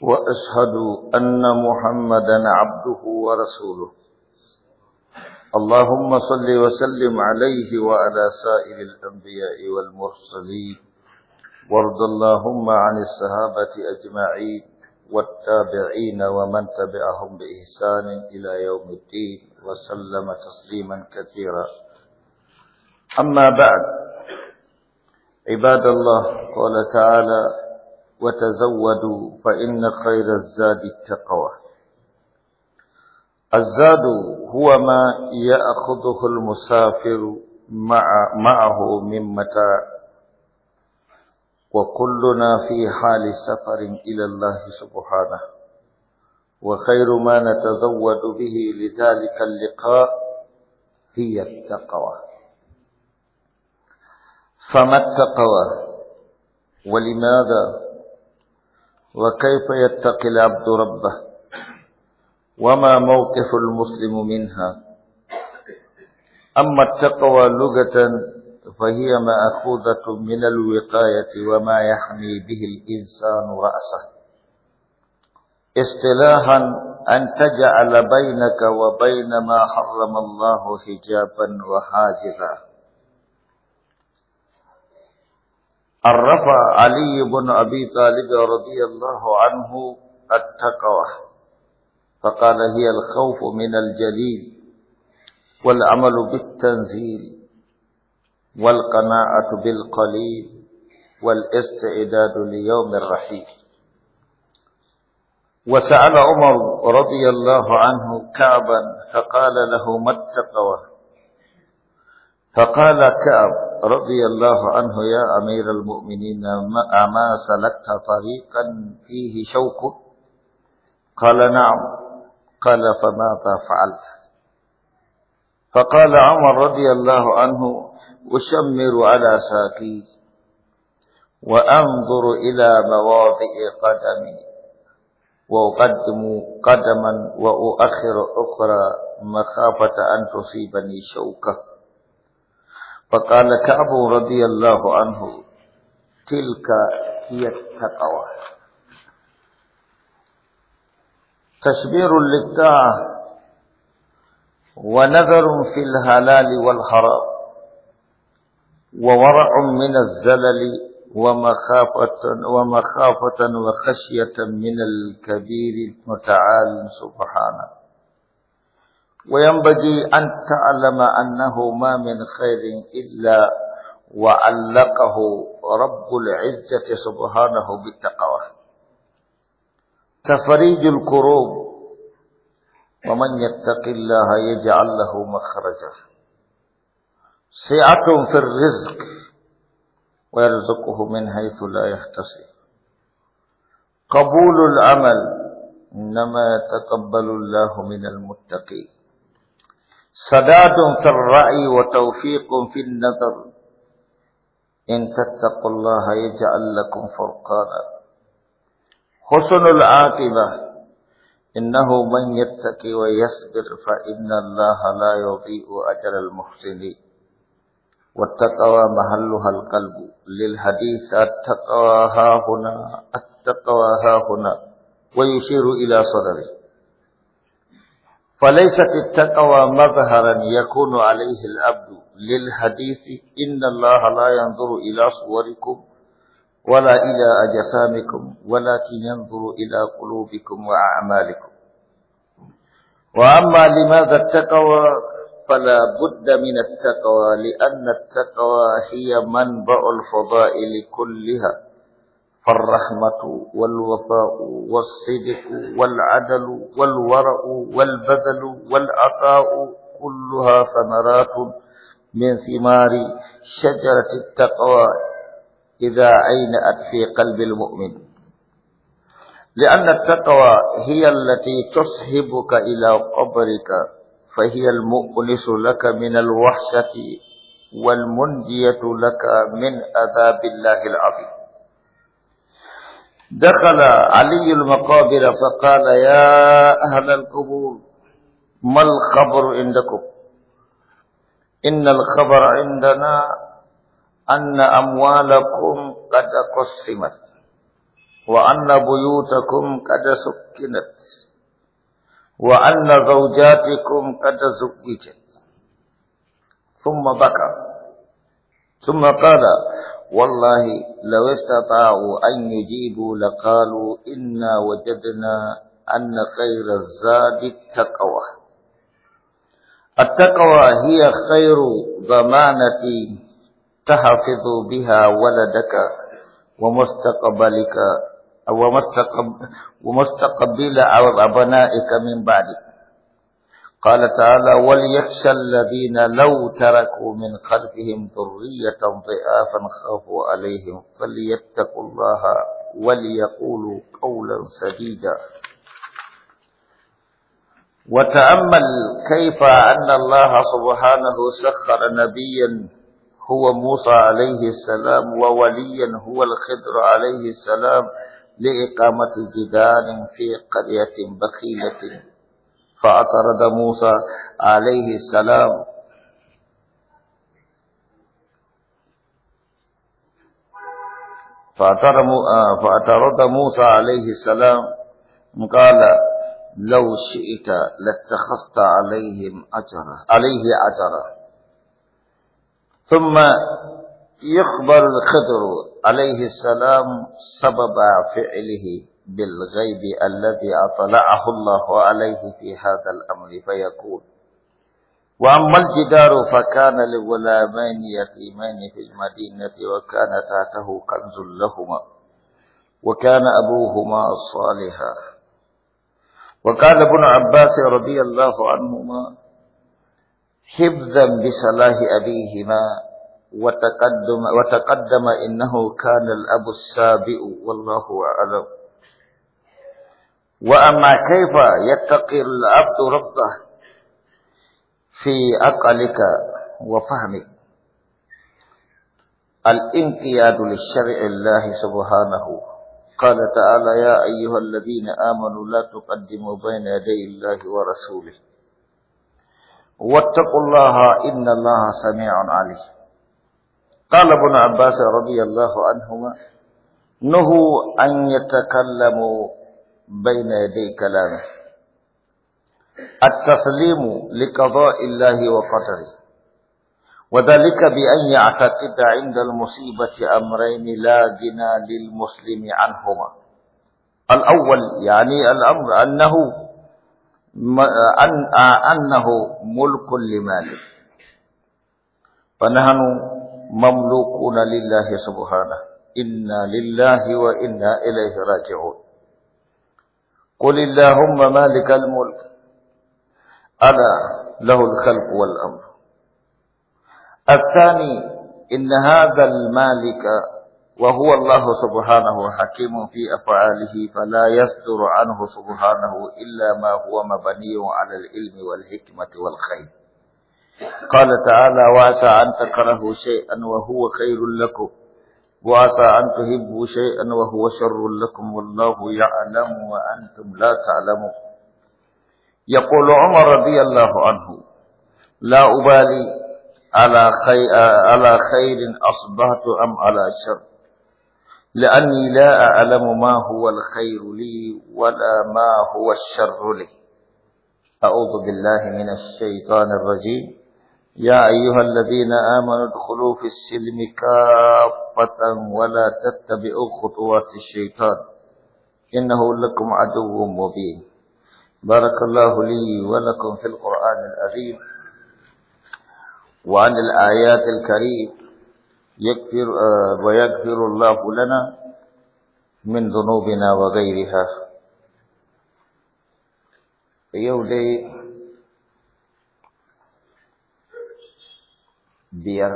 وأشهد أن محمدا عبده ورسوله اللهم صل وسلم عليه وعلى سائر الأنبياء والمرسلين وارض اللهم عن الصحابة أجمعين والتابعين ومن تبعهم بإحسان إلى يوم الدين وسلم تسليما كثيرا أما بعد عباد الله قال تعالى وتزودوا فإن خير الزاد التقوى الزاد هو ما يأخذه المسافر مع معه من متاع وكلنا في حال سفر إلى الله سبحانه وخير ما نتزود به لذلك اللقاء هي التقوى فما التقوى ولماذا وكيف يتقي العبد ربه وما موقف المسلم منها أما التقوى لغة فهي مأخوذة من الوقاية وما يحمي به الإنسان رأسه اصطلاحا أن تجعل بينك وبين ما حرم الله حجابا وحاجزا عرف علي بن أبي طالب رضي الله عنه التقوى فقال هي الخوف من الجليل والعمل بالتنزيل والقناعة بالقليل والاستعداد ليوم الرحيل وسأل عمر رضي الله عنه كعبا فقال له ما التقوى فقال كعب رضي الله عنه يا أمير المؤمنين أما سلكت طريقا فيه شوك قال نعم قال فماذا فعلت فقال عمر رضي الله عنه أشمر على ساقي وأنظر إلى مواضع قدمي وأقدم قدما وأؤخر أخرى مخافة أن تصيبني شوكة فقال كعب رضي الله عنه تلك هي التقوى تشبير للطاعة ونذر في الهلال والحرام وورع من الزلل ومخافة ومخافة وخشية من الكبير المتعال سبحانه وينبغي أن تعلم أنه ما من خير إلا وعلقه رب العزة سبحانه بالتقوى كفريج الكروب ومن يتق الله يجعل له مخرجا سعة في الرزق ويرزقه من حيث لا يحتسب قبول العمل إنما يتقبل الله من المتقين سداد في الرأي وتوفيق في النظر إن تتقوا الله يجعل لكم فرقانا حسن العاقبة إنه من يتقي ويصبر فإن الله لا يضيء أجر المحسنين والتقوى محلها القلب للحديث التقوى ها هنا التقوى ها هنا ويشير إلى صدره فليست التقوى مظهرا يكون عليه العبد للحديث إن الله لا ينظر إلى صوركم ولا إلى أجسامكم ولكن ينظر إلى قلوبكم وأعمالكم وأما لماذا التقوى فلا بد من التقوى لأن التقوى هي منبع الفضائل كلها فالرحمة والوفاء والصدق والعدل والورع والبذل والعطاء كلها ثمرات من ثمار شجرة التقوى إذا عينأت في قلب المؤمن لأن التقوى هي التي تصحبك إلى قبرك فهي المؤنس لك من الوحشة والمنجية لك من أذاب الله العظيم دخل علي المقابر فقال يا أهل القبور ما الخبر عندكم إن الخبر عندنا أن أموالكم قد قسمت وأن بيوتكم قد سكنت وأن زوجاتكم قد زوجت ثم بكى ثم قال والله لو استطاعوا أن يجيبوا لقالوا إنا وجدنا أن خير الزاد التقوى التقوى هي خير ضمانة تحفظ بها ولدك ومستقبلك ومستقبل أبنائك من بعدك قال تعالى وليخشى الذين لو تركوا من خلفهم ذرية ضعافا خافوا عليهم فليتقوا الله وليقولوا قولا سديدا وتأمل كيف أن الله سبحانه سخر نبيا هو موسى عليه السلام ووليا هو الخضر عليه السلام لإقامة جدال في قرية بخيلة فأطرد موسى عليه السلام آه، فأطرد موسى عليه السلام قال لو شئت لاتخذت عليهم أجرا عليه أجرا ثم يخبر الخضر عليه السلام سبب فعله بالغيب الذي أطلعه الله عليه في هذا الأمر فيقول وأما الجدار فكان لغلامين يتيمين في المدينة وكان تحته كنز لهما وكان أبوهما صالحا وقال ابن عباس رضي الله عنهما حفظا بصلاح أبيهما وتقدم, وتقدم إنه كان الأب السابئ والله أعلم وأما كيف يتقي العبد ربه في عقلك وفهمك الانقياد للشرع الله سبحانه قال تعالى يا أيها الذين آمنوا لا تقدموا بين يدي الله ورسوله واتقوا الله إن الله سميع عليم قال ابن عباس رضي الله عنهما نهوا أن يتكلموا بين يدي كلامه التسليم لقضاء الله وقدره وذلك بأن يعتقد عند المصيبة أمرين لا جنى للمسلم عنهما الأول يعني الأمر أنه أن أنه ملك لمالك فنحن مملوكون لله سبحانه إنا لله وإنا إليه راجعون قل اللهم مالك الملك أنا له الخلق والأمر الثاني إن هذا المالك وهو الله سبحانه حكيم في أفعاله فلا يصدر عنه سبحانه إلا ما هو مبني على العلم والحكمة والخير قال تعالى وعسى أن تكرهوا شيئا وهو خير لكم وعسى أن تهبوا شيئا وهو شر لكم والله يعلم وأنتم لا تعلمون يقول عمر رضي الله عنه لا أبالي على خير, على خير أصبحت أم على شر لأني لا أعلم ما هو الخير لي ولا ما هو الشر لي أعوذ بالله من الشيطان الرجيم يا أيها الذين آمنوا ادخلوا في السلم كافة ولا تتبعوا خطوات الشيطان إنه لكم عدو مبين بارك الله لي ولكم في القرآن العظيم وعن الآيات الكريم يكفر آه، ويغفر الله لنا من ذنوبنا وغيرها يولي biyar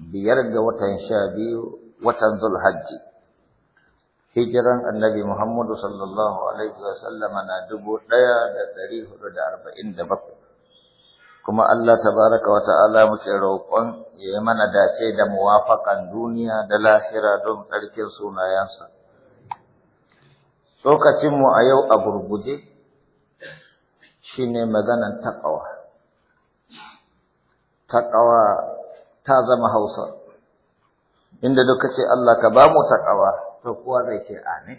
biyar ga watan sha biyu watan zulhajji hijiran annabi muhammadu sallallahu alaihi wa na dubu ɗaya da dari hudu da arba'in da bakwai kuma allah tabaraka wa ta'ala muke roƙon ya yi mana dace da muwafaƙan duniya da lahira don tsarkin sunayensa tsokacinmu a yau a gurguje shine maganan taƙawa ƙawa ta zama Hausa inda duka ce Allah ka ba mu ƙawa, to kowa zai ce amin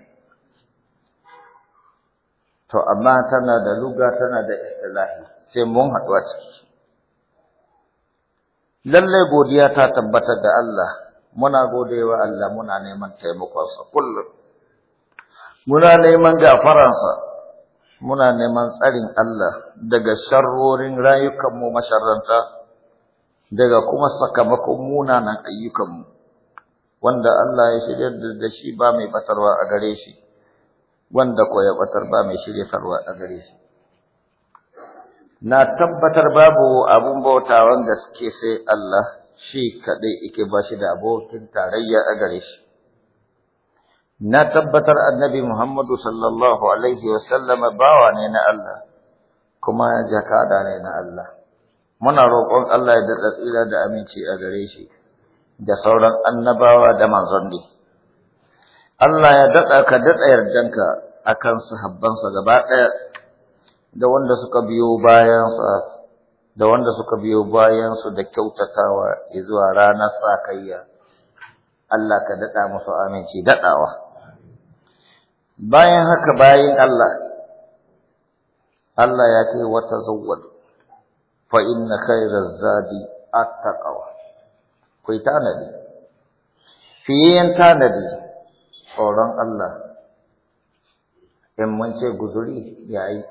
to amma tana da luga tana da istilahi sai mun haɗu a ciki lallai godiya ta tabbata da Allah muna godewa Allah muna neman taimakonsa kullum muna neman gafaransa muna neman tsarin Allah daga sharrorin rayukanmu masharranta daga kuma sakamakon munanan ayyukanmu wanda Allah ya shirya da shi ba mai batarwa a gare shi wanda ko ya batar ba mai shirya farwa a gare shi na tabbatar babu abun bautawan suke sai Allah shi kadai yake ba shi da abokin tarayya a gare shi na tabbatar annabi Muhammadu sallallahu alaihi wasallam bawa ne na Allah kuma jakada ne na Allah muna roƙon Allah ya daɗa tsira da aminci a gare shi da sauran annabawa da manzanni Allah ya daɗa ka daɗa yardanka akan sahabbansa gaba ɗaya da wanda suka biyo bayansa da wanda suka biyo bayansu da kyautatawa zuwa ranar sakayya Allah ka daɗa musu aminci daɗawa bayan haka bayin Allah Allah ya ce wata zawwadu fa inna khayra zadi attaqwa ku tanadi fiyen tanadi tsoron Allah in mun ce guzuri yayi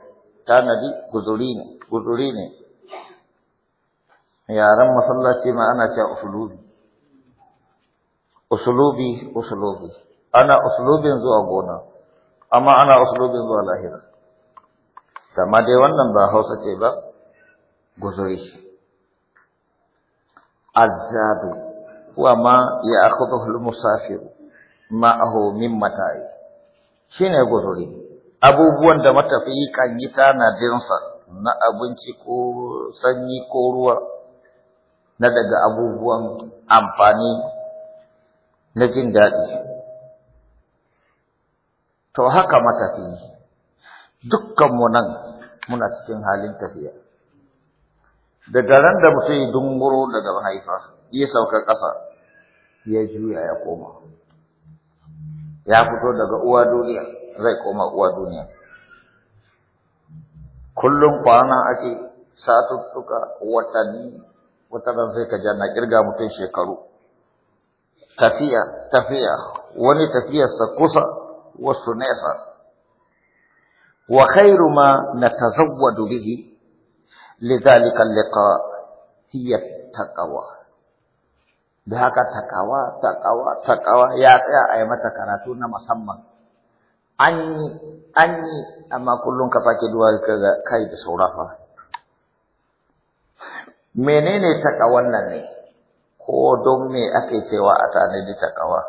tanadi guzuri ne guzuri ne yaran masallaci ma ana cewa usulubi usulubi usulubi ana usulubin zuwa gona amma ana usulubin zuwa lahira Sama dai wannan ba Hausa ce ba guzuri azzadu wa ma ya akhudhu musafir ma'ahu min mata'i shine guzuri abubuwan da matafiyi kan yi tanadinsa na abinci ko sanyi ko ruwa na daga abubuwan amfani na jin daɗi to haka matafiyi dukkanmu nan muna cikin halin tafiya daga ran da mutum ya dunguro daga mahaifa ya sauka ƙasa ya juya ya koma ya fito daga uwa duniya zai koma uwa duniya kullum kwana ake satuttuka watanni wataran sai ka janna kirga mutum shekaru tafiya tafiya wani tafiyarsa kusa wasu nesa wa khairu ma natazawwadu bihi لذلك اللقاء هي التقوى da haka takawa takawa takawa ya tsaya a yi mata karatu na musamman an yi an yi amma kullum ka sake duwa ga kai da saurafa menene takawan nan ne ko don me ake cewa a tanadi takawa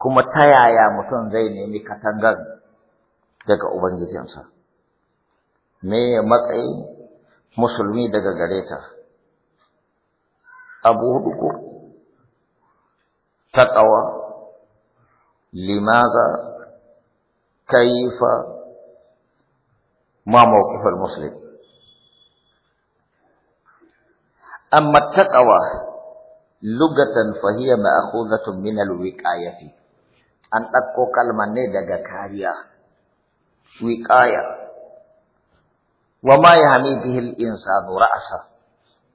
kuma ta yaya mutum zai nemi katangar daga ubangijinsa me matsayi musulmi daga gare ta abu hudu ko limaza kaifa ma mawqif muslim amma taqawa lugatan fahiya ma'khuzatun min al-wiqayati an ɗauko kalmar ne daga kariya wiqaya wa ma ya bihi al-insanu ra'sa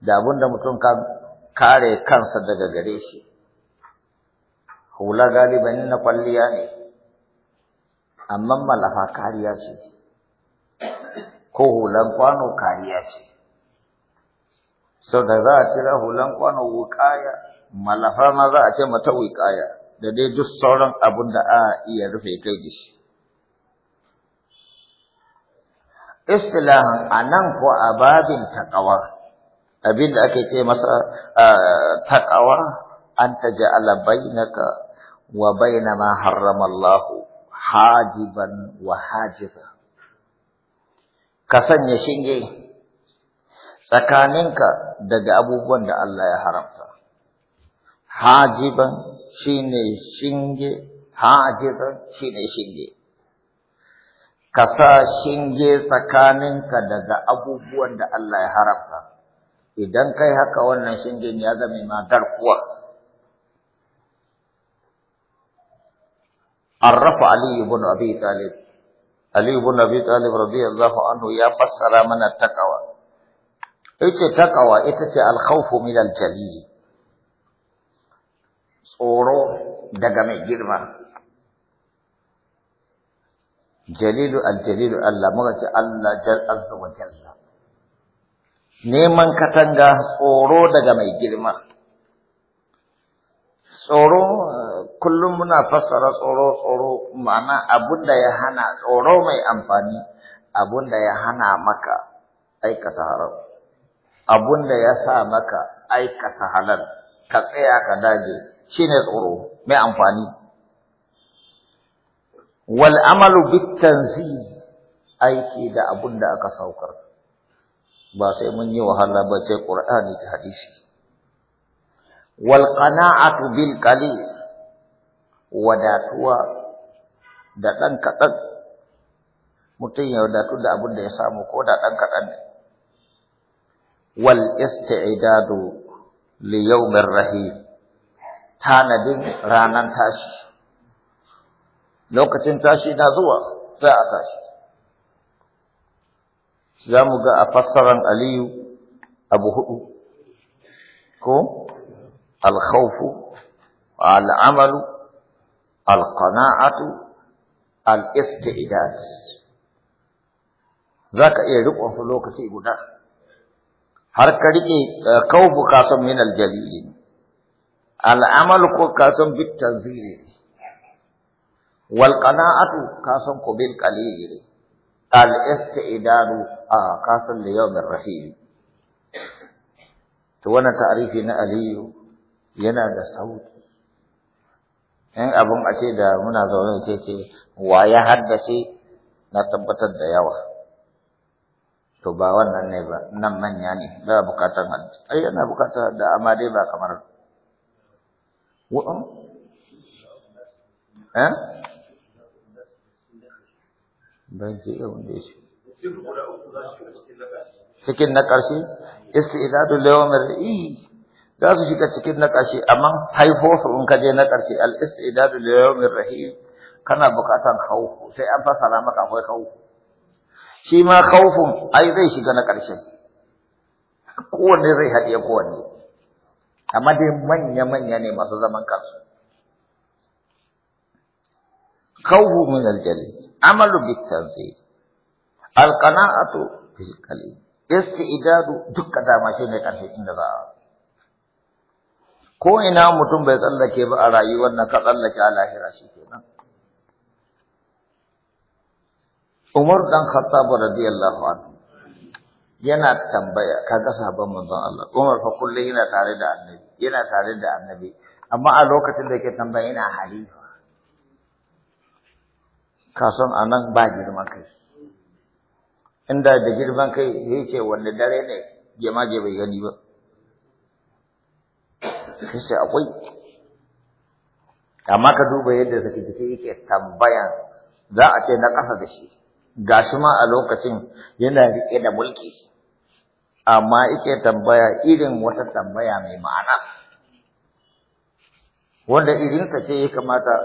da abinda mutum ka kare kansa daga gare shi hula galiban na kwalliya ne amma malafa kariya ce ko hulan kwano kariya ce sau da za a kira hulan kwano wukaya malafa ma za a ce mata wukaya da dai duk sauran abun da a iya rufe kai da shi istilahan a nan ko a babin taƙawa abin da ake ce masa taƙawa an ta ja'ala bainaka wa baina ma harrama hajiban wa hajiza ka sanya shinge tsakaninka daga abubuwan da Allah ya haramta hajiban shine shinge hajizan shine shinge ka sa shinge tsakaninka daga abubuwan da Allah ya haramta idan kai haka wannan shingen ya zame ma garkuwa arrafa ali ibn abi talib ali ibn abi talib radiyallahu anhu ya fassara mana takawa takawa ita ce al-khawfu min al-jalil tsoro daga mai girma jalilu al-jalilu Allah muka ce Allah jal azza wa jalla neman katanga tsoro daga mai girma tsoro kullum muna fassara tsoro tsoro ma'ana abunda ya hana tsoro mai amfani abunda ya hana maka aikata haram abunda ya sa maka aikata halal ka tsaya ka dage shine tsoro mai amfani wal amalu bit aiki da abun da aka saukar ba sai mun yi wahala ba sai qur'ani da hadisi wal qana'atu bil qalil wadatuwa da dan kadan mutum ya wadatu da abun da ya samu ko da dan kadan wal isti'dadu li yawmir rahim tanadin ranan tashi lokacin tashi na zuwa za a tashi za mu ga a fassaran aliyu abu hudu ko alkhawfu al'amalu alqana'atu al-istidad zaka iya riƙon su lokaci guda har ka rike kaufu kasan min aljalili al'amalu ko kasan bit tanzili wal qana'atu kasan ku bil qalil al istidaru a kasan da yawmin rahim to wana ta'arifi na aliyu yana da sauki in abun a da muna zaune ce ce wa ya haddace na tabbatar da yawa to ba wannan ne ba nan manya ne ba bukatar ai yana bukatar da amma dai ba kamar wa'an eh ban ji irin da shi cikin na ƙarshe istidadu lawamir i za su shiga cikin na ƙarshe amma haifosu in ka je na ƙarshe al istidadu lawamir rahim kana buƙatan khawfu sai an fasara maka akwai khawfu shi ma khawfun ai zai shiga na ƙarshe kowanne zai haɗiye kowanne amma dai manya-manya ne masu zaman kansu khawfu min aljalil amalu al alqana'atu fil qalbi istidadu dukka dama shi ne karshe inda za a ko ina mutum bai tsallake ba a rayuwar na ka tsallake a lahira shi kenan Umar dan Khattab radiyallahu anhu yana tambaya kaga sabon manzon Allah Umar fa kullum yana tare da Annabi yana tare da Annabi amma a lokacin da yake tambaya ina halifa kasan a nan ba girman kai inda da girman kai ya ce wanda dare ne gemage bai gani ba sai akwai amma ka duba yadda zaki jiki yake tambayan za a ce na ƙasa da shi shi ma a lokacin yana riƙe da mulki amma yake tambaya irin wata tambaya mai ma'ana wanda irinsa ce ya kamata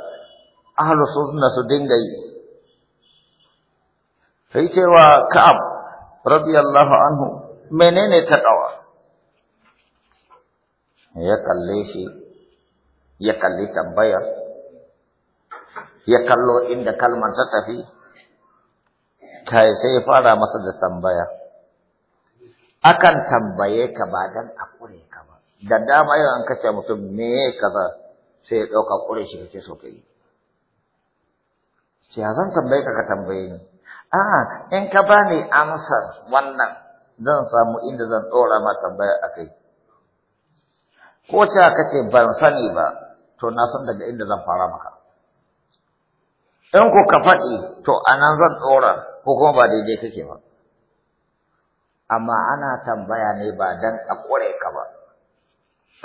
ahlu sunna su dinga yi sai cewa Ka'ab radiyallahu anhu menene ta dawa ya kalle shi ya kalli tambayar ya kallo inda kalmar ta tafi kai sai ya fara masa da tambaya akan tambaye ka ba dan a kure ka ba da dama yau an kace mutum me kaza sai ya dauka kure shi kace so kai sai zan tambaye ka ka tambaye ni Ah, in ka bani amsar wannan zan samu inda zan tsora ma tambaya a kai ko ce ka ce ban sani ba to na san daga inda zan fara maka in ku ka faɗi to a nan zan tsora, ko kuma ba daidai kake ba amma ana tambaya ne ba don a ƙure ka ba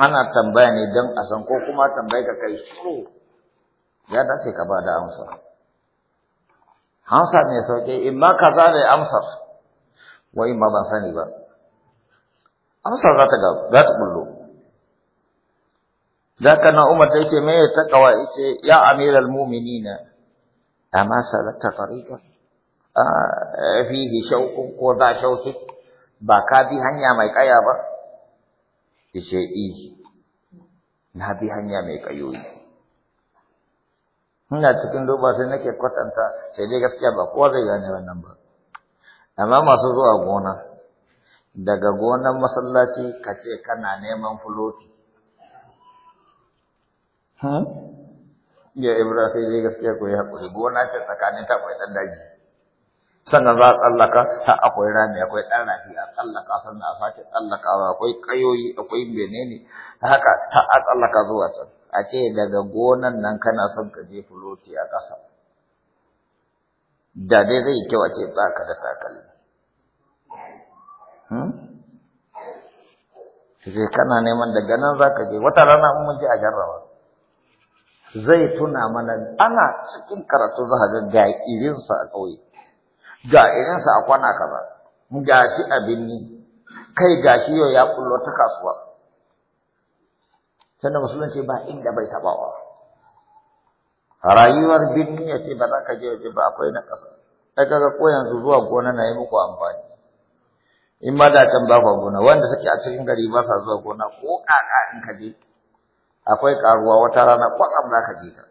ana tambaya ne don a san ko kuma tambaya ka kai shiru ya dace ka ba da amsa Hamsa mai sauke, in ma ka zane amsar wa in ma ban sani ba. Amsar za ta ga za ta bullo. ka na Umar ta ce me ta kawa ce ya amiral mu'minina amma salaka A ah, fihi shauqun ko da shauqi ba ka bi hanya mai kaya ba ce i eh, na bi hanya mai kayoyi ina cikin duba sai nake kwatanta sai dai gaskiya ba kowa zai gane wannan ba amma masu zuwa gona daga gonan masallaci ka ce kana neman fuloti ya ibra sai dai gaskiya ko ya kuri gona ce tsakanin ta kwai dan daji sannan za a tsallaka ta akwai rami akwai ɗan rafi a tsallaka sannan a sake tsallakawa akwai kayoyi akwai menene haka ta a tsallaka zuwa can a ce daga gonan nan kana son ka je floti a ƙasa da dai zai kyau a ce ba ka da takalmi sai hmm? kana neman daga nan za ka je wata rana in mun je a jarrawa zai tuna mana ana cikin karatu za ka ga irinsa a ƙauye ga irinsa a kwana kaza ga shi a binni kai gashi yau ya kullo ta kasuwa sannan musulunci ba inda bai tabawa rayuwar birni ya ce ba za ka je waje ba akwai na ƙasa ai kaga ko yanzu zuwa gona na yi muku amfani in ma da can ba gona wanda suke a cikin gari ba sa zuwa gona ko ƙaƙa in ka je akwai ƙaruwa wata rana kwatsam za ka je ta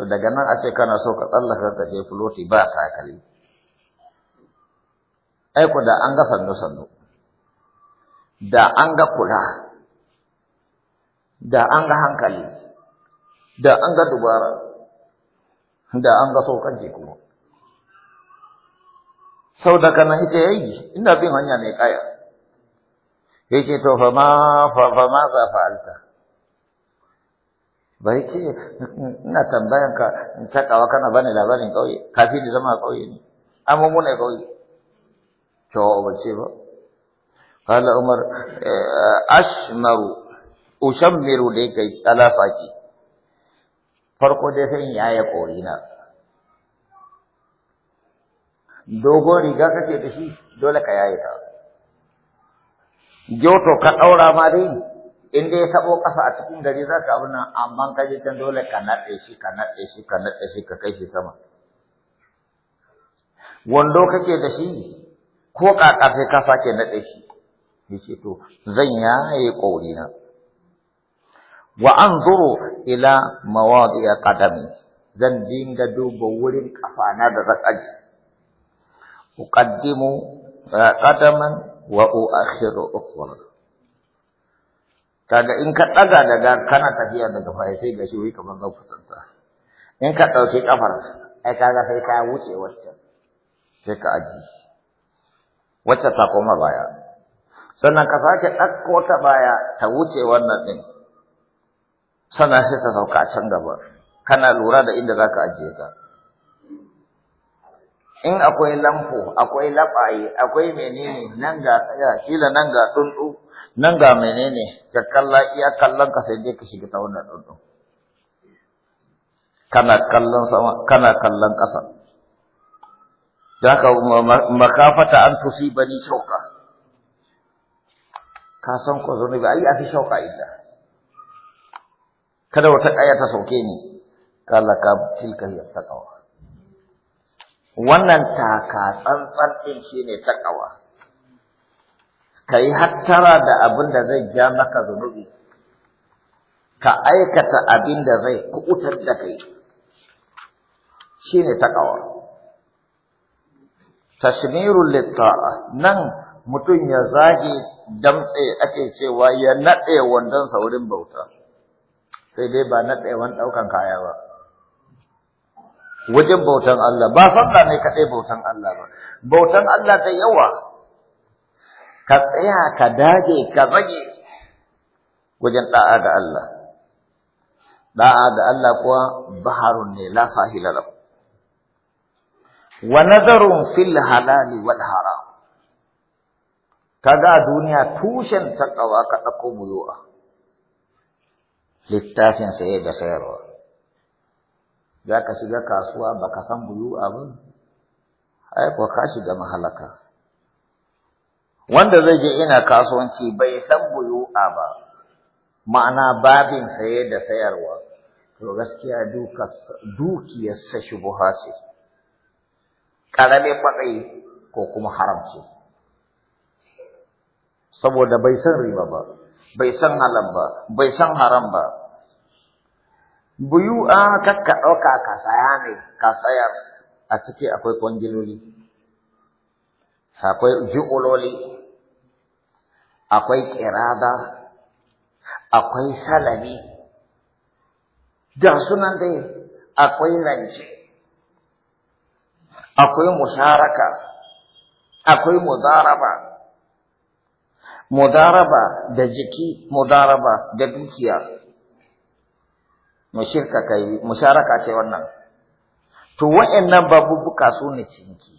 to daga nan a ce kana so ka tsallaka ka je fuloti ba takali ai ku da an ga sannu sannu da an ga kula da an ga hankali da an ga dubara da an ga saukan kuma sau da kanan ita yi ina bin hanya mai kaya yake to fa fama fa ma za fa'alta bai ce ina tambayan ka in takawa kana bane labarin kauye kafin da zama kauye ne an mun ne kauye to ba ce ba Kala Umar eh, ashmaru da yake kai ki farko dai sai ya ya kori na dogo riga kake da shi dole ka yaye ta joto ka daura ma dai in dai taɓo ƙasa a cikin gari za ka abin nan amma ka je can dole ka naɗe shi ka naɗe shi ka naɗe shi ka kai shi sama wando kake da shi ko ƙaƙa sai ka sake naɗe shi yace to zan yaye kori na wa anzuru ila mawadi'a qadami zan dinga duba wurin kafana da zakaji uqaddimu eh, qadaman wa uakhiru ukhra kaga in ka daga daga kana tafiya daga fa sai ga shi kamar zan fitanta in ka dauke kafar ai kaga sai ka wuce wacce sai ka aji wacce ta koma baya sannan ka sake dakko ta baya ta wuce wannan din sannan sai ta sauka a can gaba kana lura da inda zaka ajiye ta in akwai lampo akwai labaye akwai menene nan ga tsaya kila nan ga tsuntsu nan ga menene ka kalla iya kallon ka sai dai ka shiga ta wannan tsuntsu kana kallon sama kana kallon ƙasa haka makafata an tusibani shauka ka san ko zunubi ai fi shauka illa kada wata aya ta sauke ni kala ka tilka ya takawa wannan taka tsantsan din shine Ka kai hattara da abin da zai ja maka zunubi ka aikata abin da zai kubutar da kai shine takawa tashmirul litta'a nan mutum ya zage damtse ake cewa ya nade wandon saurin bauta sai dai ba na tsayawan ɗaukan kaya ba wajen bautan Allah ba sallah ne kaɗai bautan Allah ba bautan Allah ta yawa ka tsaya ka dage ka zage wajen da'a da Allah da'a da Allah kuwa baharun ne la sahila lahu wa nazarun fil halali wal haram kaga duniya tushen takawa ka ɗauko muyuwa. littafin saye da sayarwa za ka shiga kasuwa ba ka san buyu abin ko ka shiga mahalaka wanda zai je ina kasuwanci bai san buyu ba ma'ana babin saye da sayarwa to gaskiya dukiyarsa shubuha ce ƙaramin matsayi ko kuma haramci saboda bai san riba ba bai san halal ba bai san haram ba buyu a kakka ɗauka ka saya ne ka sayar a ciki akwai kwangiloli akwai ji'uloli akwai kirada akwai salami da sunan dai akwai rance akwai musharaka akwai mudaraba mudaraba da jiki mudaraba da dukiya mu shirka kai musharaka ce wannan to wa'annan babubuka su ne ciniki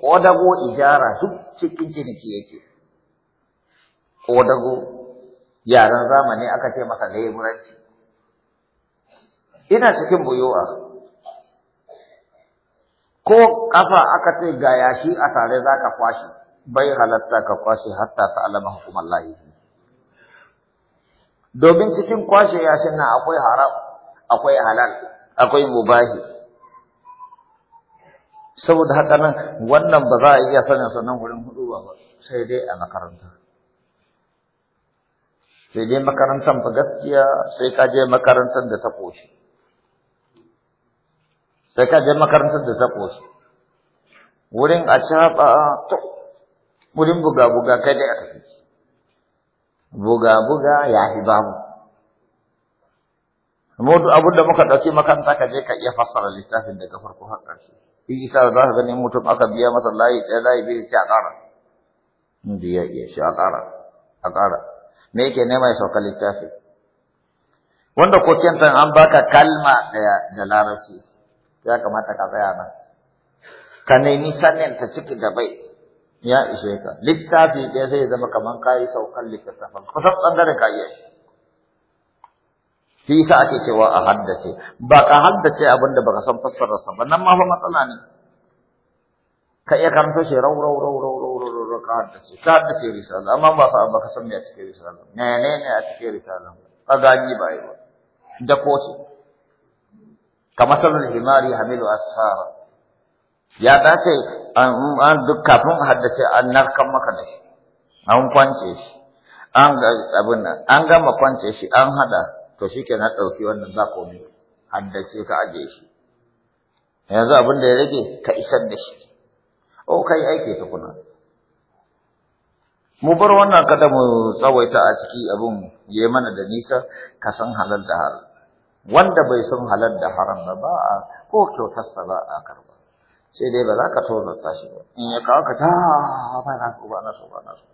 kodago ijara duk cikin ciniki yake kodago yaran zamani aka ce masa leburanci ina cikin buyo'a ko kafa aka ce ga yashi a tare za ka kwashi bai halatta ka kwashe, hatta ta alama hukumar layi domin cikin kwashe yashin nan akwai haram akwai halal akwai mubahi saboda haka nan wannan ba za a iya sanin sannan wurin hudu ba sai dai a makaranta sai dai makarantar fa gaskiya sai ka je makarantar da ta koshi sai ka je makarantar da ta koshi wurin a caɓa wurin buga-buga kai dai a tafi buga-buga ya fi babu. Mutu abin da muka ɗauki makaranta ka je ka iya fassara littafin daga farko har ƙarshe. In isa da za ka gani mutum aka biya masa layi ɗaya layi biyu sai a ƙara. da ya iya shi a ƙara, a ƙara. Me yake nema ya sauka littafi? Wanda ko kyantan an baka kalma ɗaya da larabci, ya kamata ka tsaya nan. Ka nemi sanin ta ciki da bai, ya ishe ka littafi ɗaya sai ya zama kaman kai saukan littafan? kusan ɓangaren ka iya shi shi ake cewa a haddace ba ka haddace abin da baka san fassararsa ba nan ma fa matsala ne ka iya karanta shi rau rau rau rau rau rau rau ka haddace ka haddace risala amma ba sa ka san me a cikin risala ne ne ne a cikin risala ka gani ba yi ba da kotu kamar sanar himari hamilu asara ya dace an duk kafin haddace an narkan maka da shi an kwance shi an ga abin nan an gama kwance shi an hada to shi ke na ɗauki wannan za ko haddace ka aje shi yanzu abin da ya rage ka isar da shi o kai aiki tukuna mu bar wannan kada mu tsawaita a ciki abin ya mana da nisa ka san halal da haram wanda bai san halal da haram ba ba ko sa ba a karɓa sai dai ba za ka tozarta tashi ba in ya kawo ka ta ah, ba na so ba na so ba na so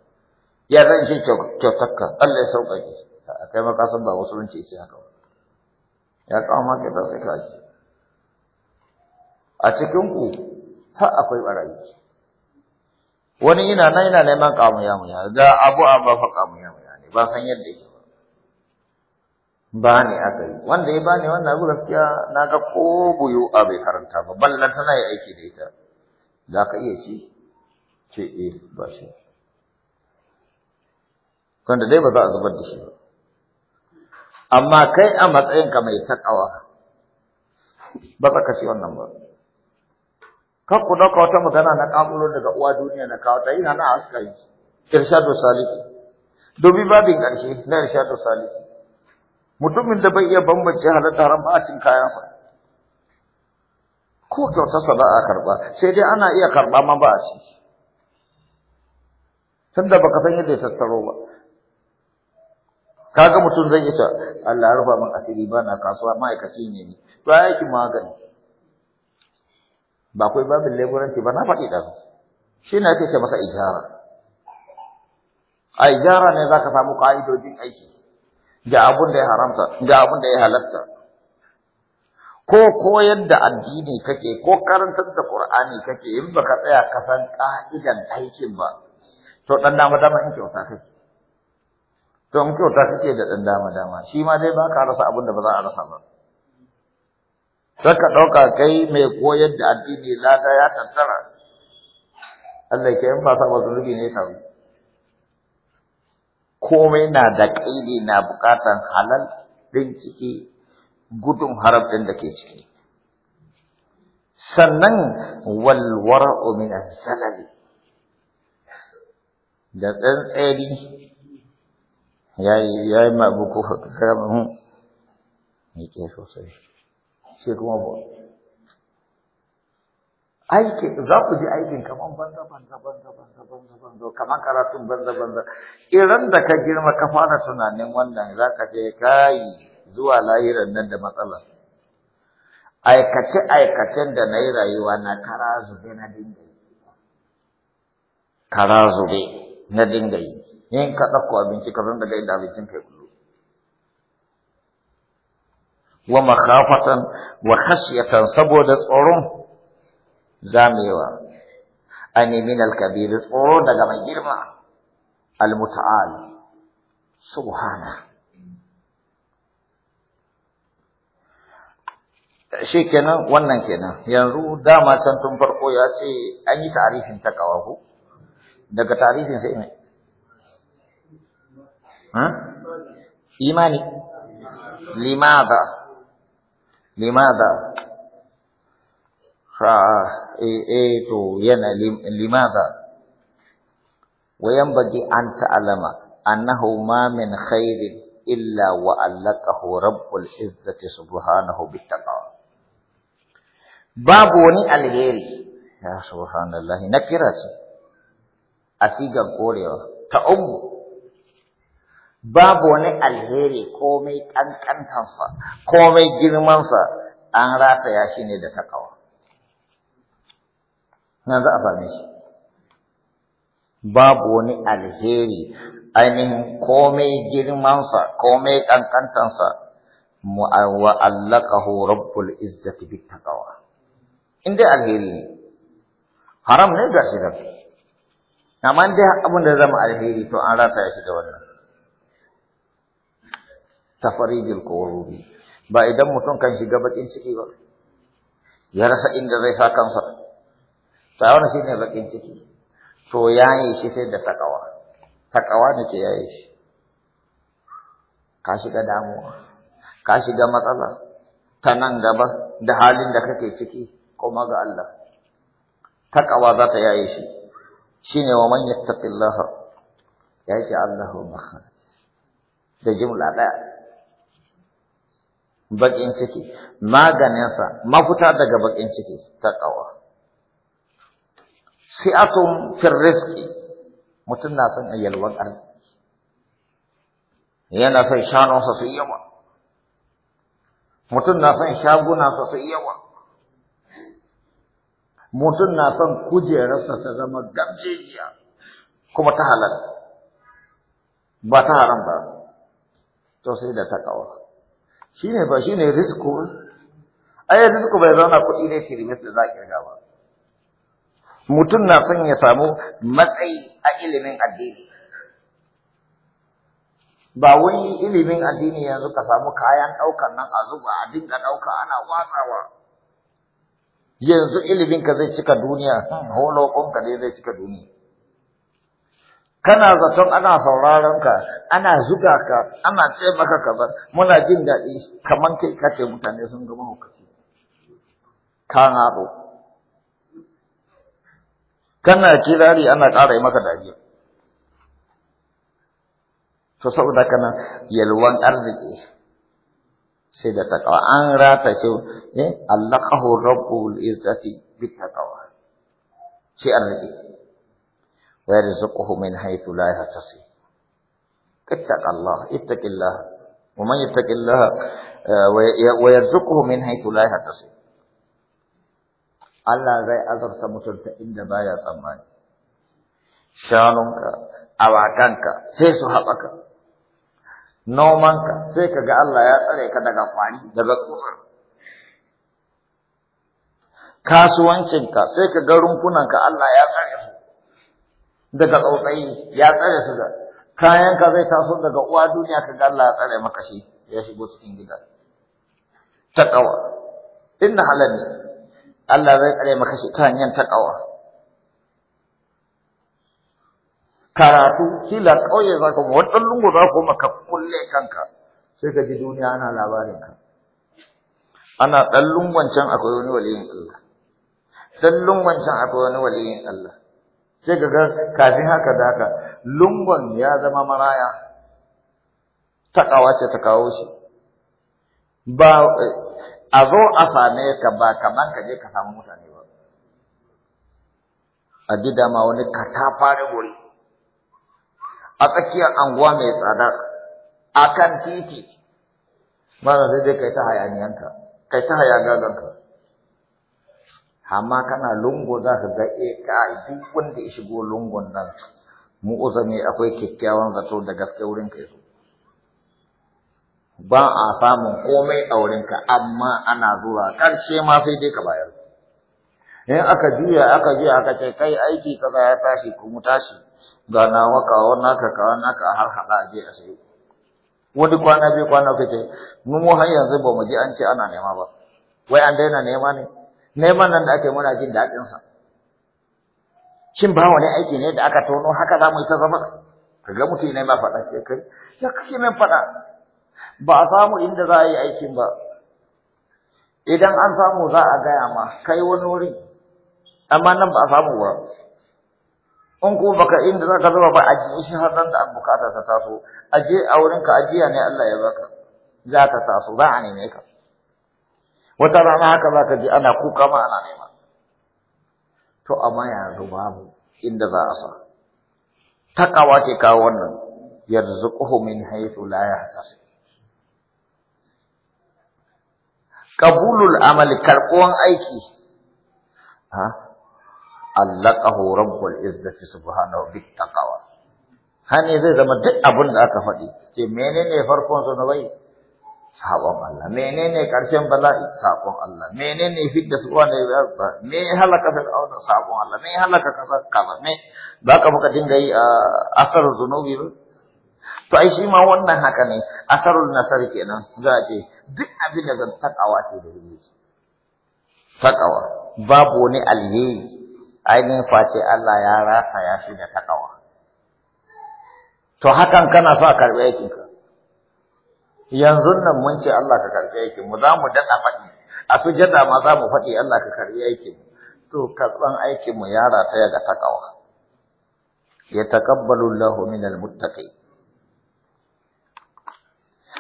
ya zan ce kyautarka Allah ya sauƙaƙe a kai maka san ba musulunci ce haka ba ya kawo ma kyauta sai ka ji a cikin ku har akwai barayi wani ina nan ina neman kamuya muya ga abu a ba fa kamuya muya ne ba san yadda yake bani aka yi wanda ya bani wannan abu gaskiya na ga ko buyu a bai karanta ba ballan tana yi aiki da ita za ka iya ci ce eh ba shi wanda dai ba za a zubar da shi ba amma kai a matsayinka mai takawa ba za ka ci wannan ba kan ku ɗauka wata magana na ƙaƙulo daga uwa duniya na kawo ta yana na askari irshadu saliki dobi babin ƙarshe na irshadu saliki mutumin da bai iya bambance halatta haram ba a cin kayansa ko kyautarsa ba a karɓa sai dai ana iya karba ma ba shi, tunda baka san yadda ya tattaro ba kaga mutum zai ita Allah rufa min asiri ba na kasuwa ma'aikaci ne ni to ai aikin magani ba kai babin leburanci ba na faɗi da shi ne ake ce masa ijara a ijara ne zaka samu ka'idojin aiki ga abin da ya haramta ga abin da ya halatta ko koyar da addini kake ko karantar da qur'ani kake in baka tsaya ka san ka'idan aikin ba to dan dama dama in kyauta kake to in kyauta kake da dan dama dama shi ma dai baka rasa abin da ba za a rasa ba saka dauka kai mai koyar da addini lada ya tattara Allah ke yin fasa ba zulubi ne kawai komai na da ƙaidi na buƙatar halal ɗin ciki gudun harafin da ke ciki sannan walwara omina zalali da tsantsari yayi yayi mabuku haka mun yake sosai shi kuma aikin za ku ji aikin kaman banza banza banza banza banza banza kaman karatun banza banza idan da ka girma ka fara tunanin wannan za ka ce kai zuwa lahirar nan da matsala aikace aikacen da na yi rayuwa na kara zube na dinga yi kara zube na dinga yi yin ka ɗauko abinci ka zan daga inda abincin kai kullu wa makhafatan wa khashyatan saboda tsoron zamewa an min al-kabir tsoro daga mai girma al-muta'al subhana shi kenan wannan kenan yanzu dama can tun farko ya ce an yi tarihin takawa ko daga tarihin sai mai. imani limaza limaza فإيتو ين لماذا وينبغي أن تعلم أنه ما من خير إلا وألقه رب العزة سبحانه بالتقوى بابوني الهيري يا سبحان الله نكرس أسيقا قوليو تأم بابوني الهيري قومي كان كان تنصى كومي جرمان أن راتياشيني دتقوى nan za a same shi babu wani alheri ainihin komai girmansa komai ƙanƙantansa mu'allaqahu rabbul izzati bit taqwa in dai alheri ne haram ne ga shi da amma in dai abin da zama alheri to an rata shi da wannan tafarijul qurubi ba idan mutum kan shiga bakin ciki ba ya rasa inda zai sa kansa tsawon shi ne bakin ciki to yi shi sai da takawa takawa ne ke yaye shi ka shiga damuwa ka shiga matsala ta nan gaba da halin da kake ciki kuma ga Allah takawa za ta yaye shi Shi ne wa manyan man Ya yi Allah makhraj da jimla ɗaya. bakin ciki maganinsa mafuta daga bakin ciki takawa fi'atun fil rizqi mutum na son a yalwar yana san son sa su yawa mutum na son sa su yawa mutum na son kujerarsa ta zama gabjejiya kuma ta halal ba ta haram ba to sai da kawo shine ba shine rizqu ai rizqu bai zauna kuɗi ne kirmis da za ka ba mutum na son ya samu matsayi a ilimin addini ba wani ilimin addini yanzu ka samu kayan ɗaukar nan a zuba a dinga ɗauka ana watsawa yanzu ilimin ka zai cika duniya hmm, holokon ka zai cika duniya kana zaton ana sauraron ka ana zuga ka ana ce maka kaza muna jin daɗi kamar kai kace mutane sun gama hukaci ka haɗo kana kirari ana ƙara maka dariya to saboda kana yalwan arziki sai da taqwa an rata shi ne eh allaqahu rabbul izzati bit taqwa shi arziki wa yarzuquhu min haythu la yahtasib Allah ittaqillah wa man yattaqillah wa yarzuquhu min haythu la yahtasib Allah zai azarta mutunta inda baya tsammani shanunka awakanka sai su haɓaka nomanka sai kaga Allah ya tsare ka daga kwari daga tsutsa kasuwancinka sai kaga rumfunanka Allah ya tsare su daga tsautsayi ya tsare su da kayanka zai taso daga uwa duniya kaga Allah ya tsare maka shi ya shigo cikin gida taqwa inna halal ne Allah zai tsare maka shi ta hanyar takawa karatu kila ƙauye za ka wata lungu za ka maka kulle kanka sai ka ji duniya ana labarin ka ana dan wancan akwai wani waliyin Allah dan wancan akwai wani waliyin Allah sai ka ga kafin haka da haka lungon ya zama maraya takawa ce ta kawo shi ba a zo a same ka ba kaman ka je ka samu mutane ba a gida ma wani katafare wuri a tsakiyar anguwa mai tsada a kan titi mara sai dai kai ta hayaniyanka kai ta hayagaganka amma kana lungo za ka ga e kai duk wanda ya shigo lungon nan mu uzumi akwai kyakkyawan zato da gaske wurin kai su ba a samun komai a wurinka amma ana zuwa karshe ma sai dai ka bayar in aka juya aka juya aka ce kai aiki kaza ya tashi mu tashi ga nawa kawo naka kawo naka har haɗa je a sai wani kwana bi kwana ka ce mu mu har yanzu ba mu ji an ce ana nema ba wai an daina nema ne neman nan da ake muna jin daɗin sa shin ba wani aiki ne da aka tono haka za mu yi ta zama ka ga mutum ne ma faɗa ce kai ya kashe min faɗa ba a samu inda za a yi aikin ba idan an samu za a gaya ma kai wani wuri amma nan ba a samu ba in ko baka inda za ka zuba ba a ji shi har nan da bukata ta taso a je a ka ajiya ne Allah ya baka za ta taso za a neme ka wata rana haka za ka ji ana kuka ma ana nema to amma yanzu babu inda za a sa takawa ke kawo wannan yarzuquhu min haythu la yahtasib Kabulul amali karkuwan aiki ha allaqahu rabbul izzati subhanahu bit taqwa hane zai zama duk abin da aka faɗi ce menene farkon bai? sabon Allah menene karshen bala'i sabon Allah menene fidda su ya ba me halaka da auna sabon Allah me halaka ka kaza me ba ka muka dinga yi ah, asarul zunubi ba to ai shi ma wannan haka ne asarul nasar kenan za a ce duk abin da zan takawa ce da yi takawa babu wani alheri ainihin face Allah ya rasa ya fi da takawa to hakan kana sa karɓi aikinka yanzu nan mun ce Allah ka karɓi aikin mu za mu daɗa faɗi a sujada ma za mu faɗi Allah ka karɓi aikin to karɓan aikin mu ya rataya ga takawa takabbalu Allahu minal muttaqin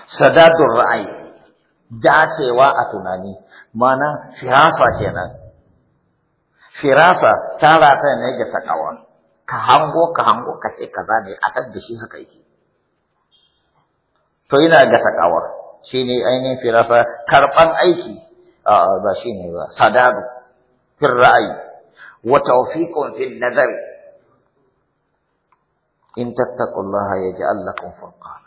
sadadul ra'ayi dacewa a tunani mana firasa kenan firasa ta rata ne ga takawa ka hango ka hango ka ce kaza ne a kan da shi haka yake to yana ga takawa shine ainihin firasa karban aiki a ba shine ba sadadu fil ra'ayi wa tawfiqun fil nazar in tattaqullaha yaj'al lakum furqana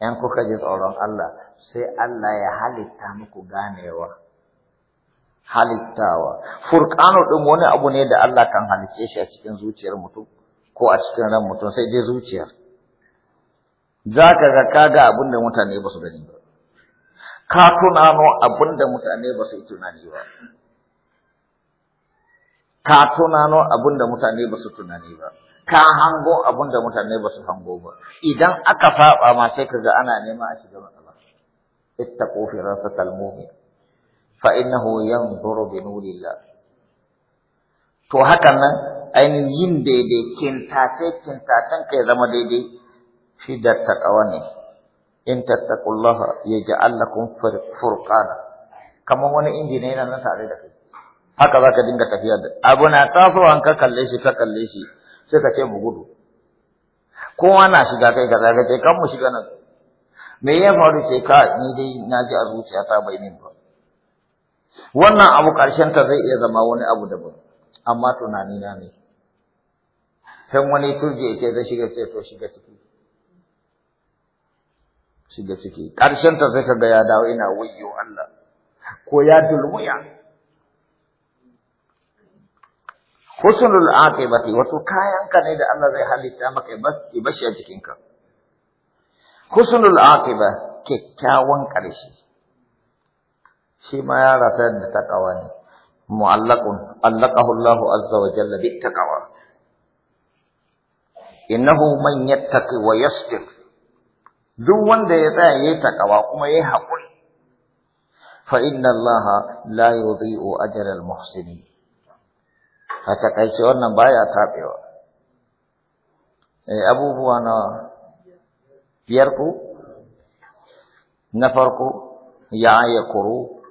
in kuka ji tsoron Allah sai Allah ya halitta muku ganewa halittawa furqanu din wani abu ne da Allah kan halice shi a cikin zuciyar mutum ko a cikin ran mutum sai dai zuciyar zaka ga kaga abin da mutane ba su gani ba ka tunano abin da mutane ba su tunani ba ka no abin da mutane ba su tunani ba ka hango abin da mutane ba su hango ba idan aka faɓa ma sai kaga ana nema a shiga matsala ittaqu firasatal mu'min fa innahu yanzuru bi nurillah to hakan nan ainihin yin daidai kintace kintacen kai zama daidai shi da taqwa ne in tattaqullaha yaj'al lakum furqana kamar wani injiniya yana nan tare da kai haka zaka dinga tafiya da abu na tasowa an ka kalle shi ka kalle shi sai ka ce mu gudu kowa na shiga kai kaza ka ce kan mu shiga nan me ya faru ce ka ni dai na ji a zuciyata bai min ba wannan abu ƙarshen ta zai iya zama wani abu daban amma tunani na ne kan wani turje yake zai shiga ce to shiga ciki shiga ciki ƙarshen ta sai ka ga ya dawo ina wayyo Allah ko ya dulmuya husnul aqibati wato kayanka ne da Allah zai halitta maka ya bashi a jikinka husnul aqiba kyakkyawan ƙarshe shi ma ya rasa da takawa ne mu'allaqun allaqahu Allahu azza wa jalla bit taqwa innahu man yattaqi wa yasbir duk wanda ya tsaya yayi takawa kuma yayi haƙuri fa inna Allaha la yudhi'u ajra al-muhsinin a takaice wannan baya taɓewa eh abubuwa na biyar na farko ya ya kuru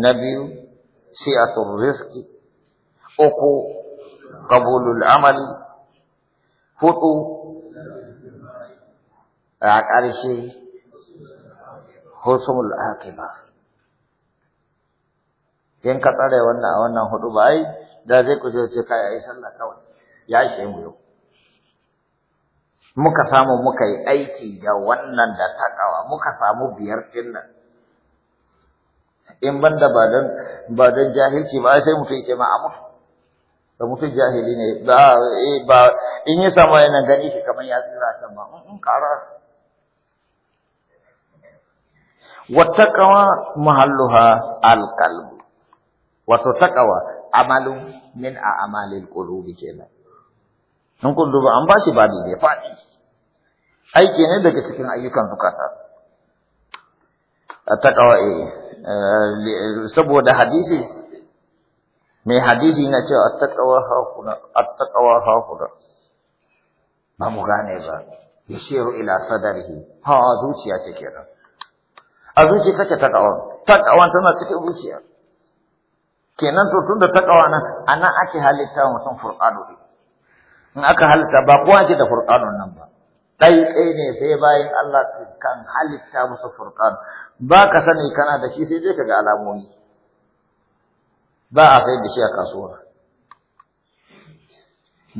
na biyu si'atul rizqi uku qabulul amali hudu a ƙarshe husumul aqiba in ka tsare wannan a wannan hudu ba ai da zai ku ce ka ai sallah kawai ya shi mu yau muka samu muka yi aiki da wannan da takawa muka samu biyar din nan in banda ba dan ba dan jahilci ba sai mutum ya ce ma amu da mutum jahili ne ba eh, ba in ya samu yana gani shi kamar ya tsira can ba in kara mm, mm, wattaqawa mahalluha alqalb wato takawa amalun min a amalil qulubi kenan Nun kun duba an bashi babi mai faɗi aiki ne daga cikin ayyukan zukata ta kawai eh, eh, saboda hadisi mai hadisi na cewa a hakuna attaqawa hakuna ba mu gane ba shiru ila sadarhi ha zuciya ce kenan a zuci kake takawan takawan tana cikin zuciya kenan to tunda takawa nan anan ake halitta mutum furqanu in aka halitta ba kowa ake da furqanun nan ba dai dai ne sai bayan Allah kan halitta musu furqan ba ka sani kana da shi sai dai kaga alamomi ba a sai da shi a kasuwa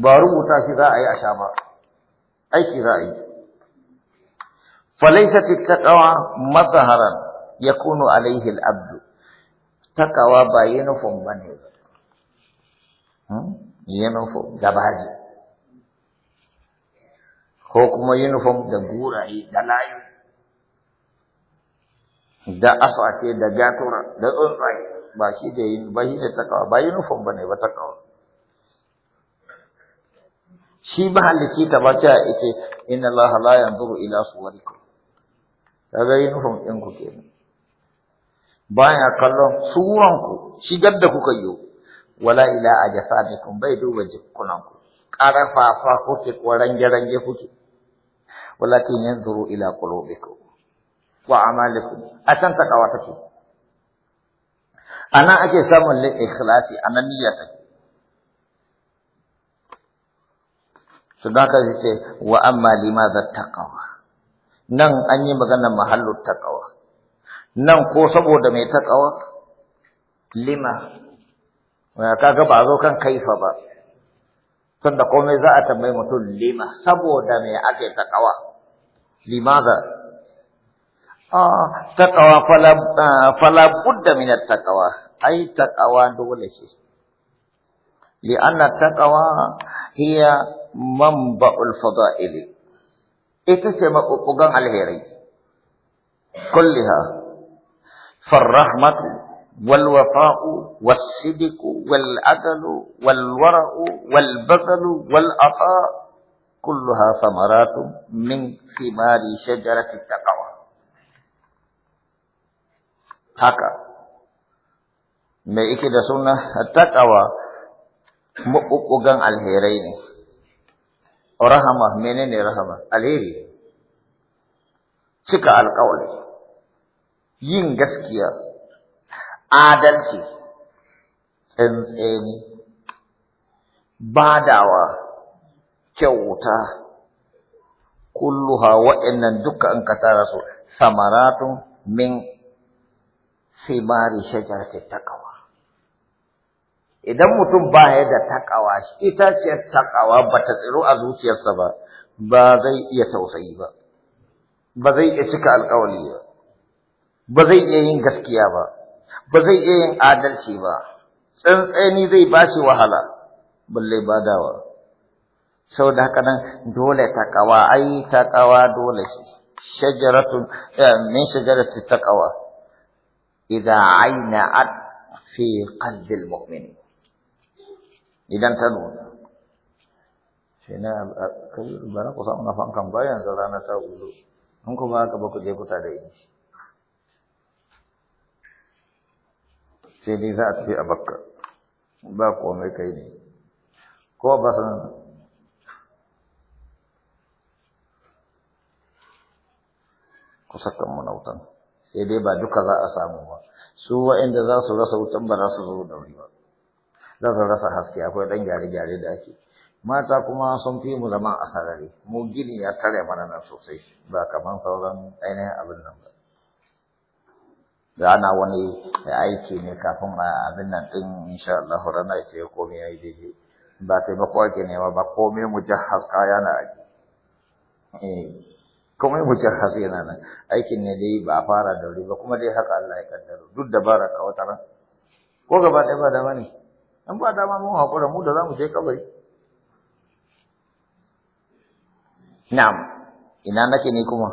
ba rubuta shi za a yi a sha ba aiki za a yi falaisat taqwa mazharan yakunu alaihi al-abdu takawa ba uniform ba ne hmm? ba uniform da baji ko kuma uniform da guraye da layu da asake da gatura da tsuntsaye ba shi da yin ba shi ne takawa ba uniform ba ne ba takawa shi ba halitta ta bace yake inna allaha la yanzuru ila suwarikum kaga uniform ɗin ku kenan baya kallon ku shigar da kuka yi wala ila kun bai duba jikunanku ƙarfafa kuke ko range-range kuke yin zuru ila ku. wa amalikum atan takawa A nan ake samun lil ikhlasi anan niyya take sadaka ce wa amma limadha taqwa nan an yi magana mahallu taqwa nan ko saboda mai taƙawa lima kaga ba zo kan kaifa ba tunda komai za a tambayi mutum lima saboda mai ake taƙawa limaza ah taƙawa fala fala budda min taƙawa ai taƙawa dole shi, ce iya taqwa hiya manba'ul fada'ili ita ce maƙuƙugan alheri kulliha فالرحمة والوفاء والصدق والعدل والورع والبذل والعطاء كلها ثمرات من ثمار شجرة التقوى هكا me ike سنة sunna attaqawa الهيرين ورحمة منين rahama menene rahama alheri cika yin gaskiya adalci tsantseni badawa kyauta kulluha wa'annan duka in ka tara su samaratun min simari shajarati taqwa idan mutum baya da takawa ita ce takawa ta tsiro a zuciyarsa ba ba zai iya tausayi ba ba zai iya cika alƙawari ba ba zai iya yin gaskiya ba ba zai iya yin adalci ba tsantsani zai ba shi wahala balle ba dawa. sau da haka nan dole takawa ai takawa dole shi shajaratun eh, min shajaratu shajarati idan aina ayna'at fi qalbil mu'min idan ta nuna shi na kai ba na kusa na fankan bayan zara na ta ulo in ku ba ka ba ku je kuta da inci sai dai za a tafi a bakka ba komai kai ne ko ba san kusakan manautan sai dai ba duka za a samu ba su wa'inda za su rasa wutan ba za su zo da wuri ba za su rasa haske akwai dan gyare-gyare da ake mata kuma sun fi mu zama a sarari mu gini ya tare mana nan sosai ba kaman sauran ainihin abin nan ba ana wani aiki ne kafin abin nan din insha Allah rana ce komai yi daidai ba sai ba ke ne ba komai mujahhaz kaya na aiki eh komai mujahhaz yana nan aikin ne dai ba fara da wuri ba kuma dai haka Allah ya kaddara duk da baraka wata ran ko gaba ɗaya ba da bane an ba dama mun hakura mu da mu je kabari na'am ina nake ne kuma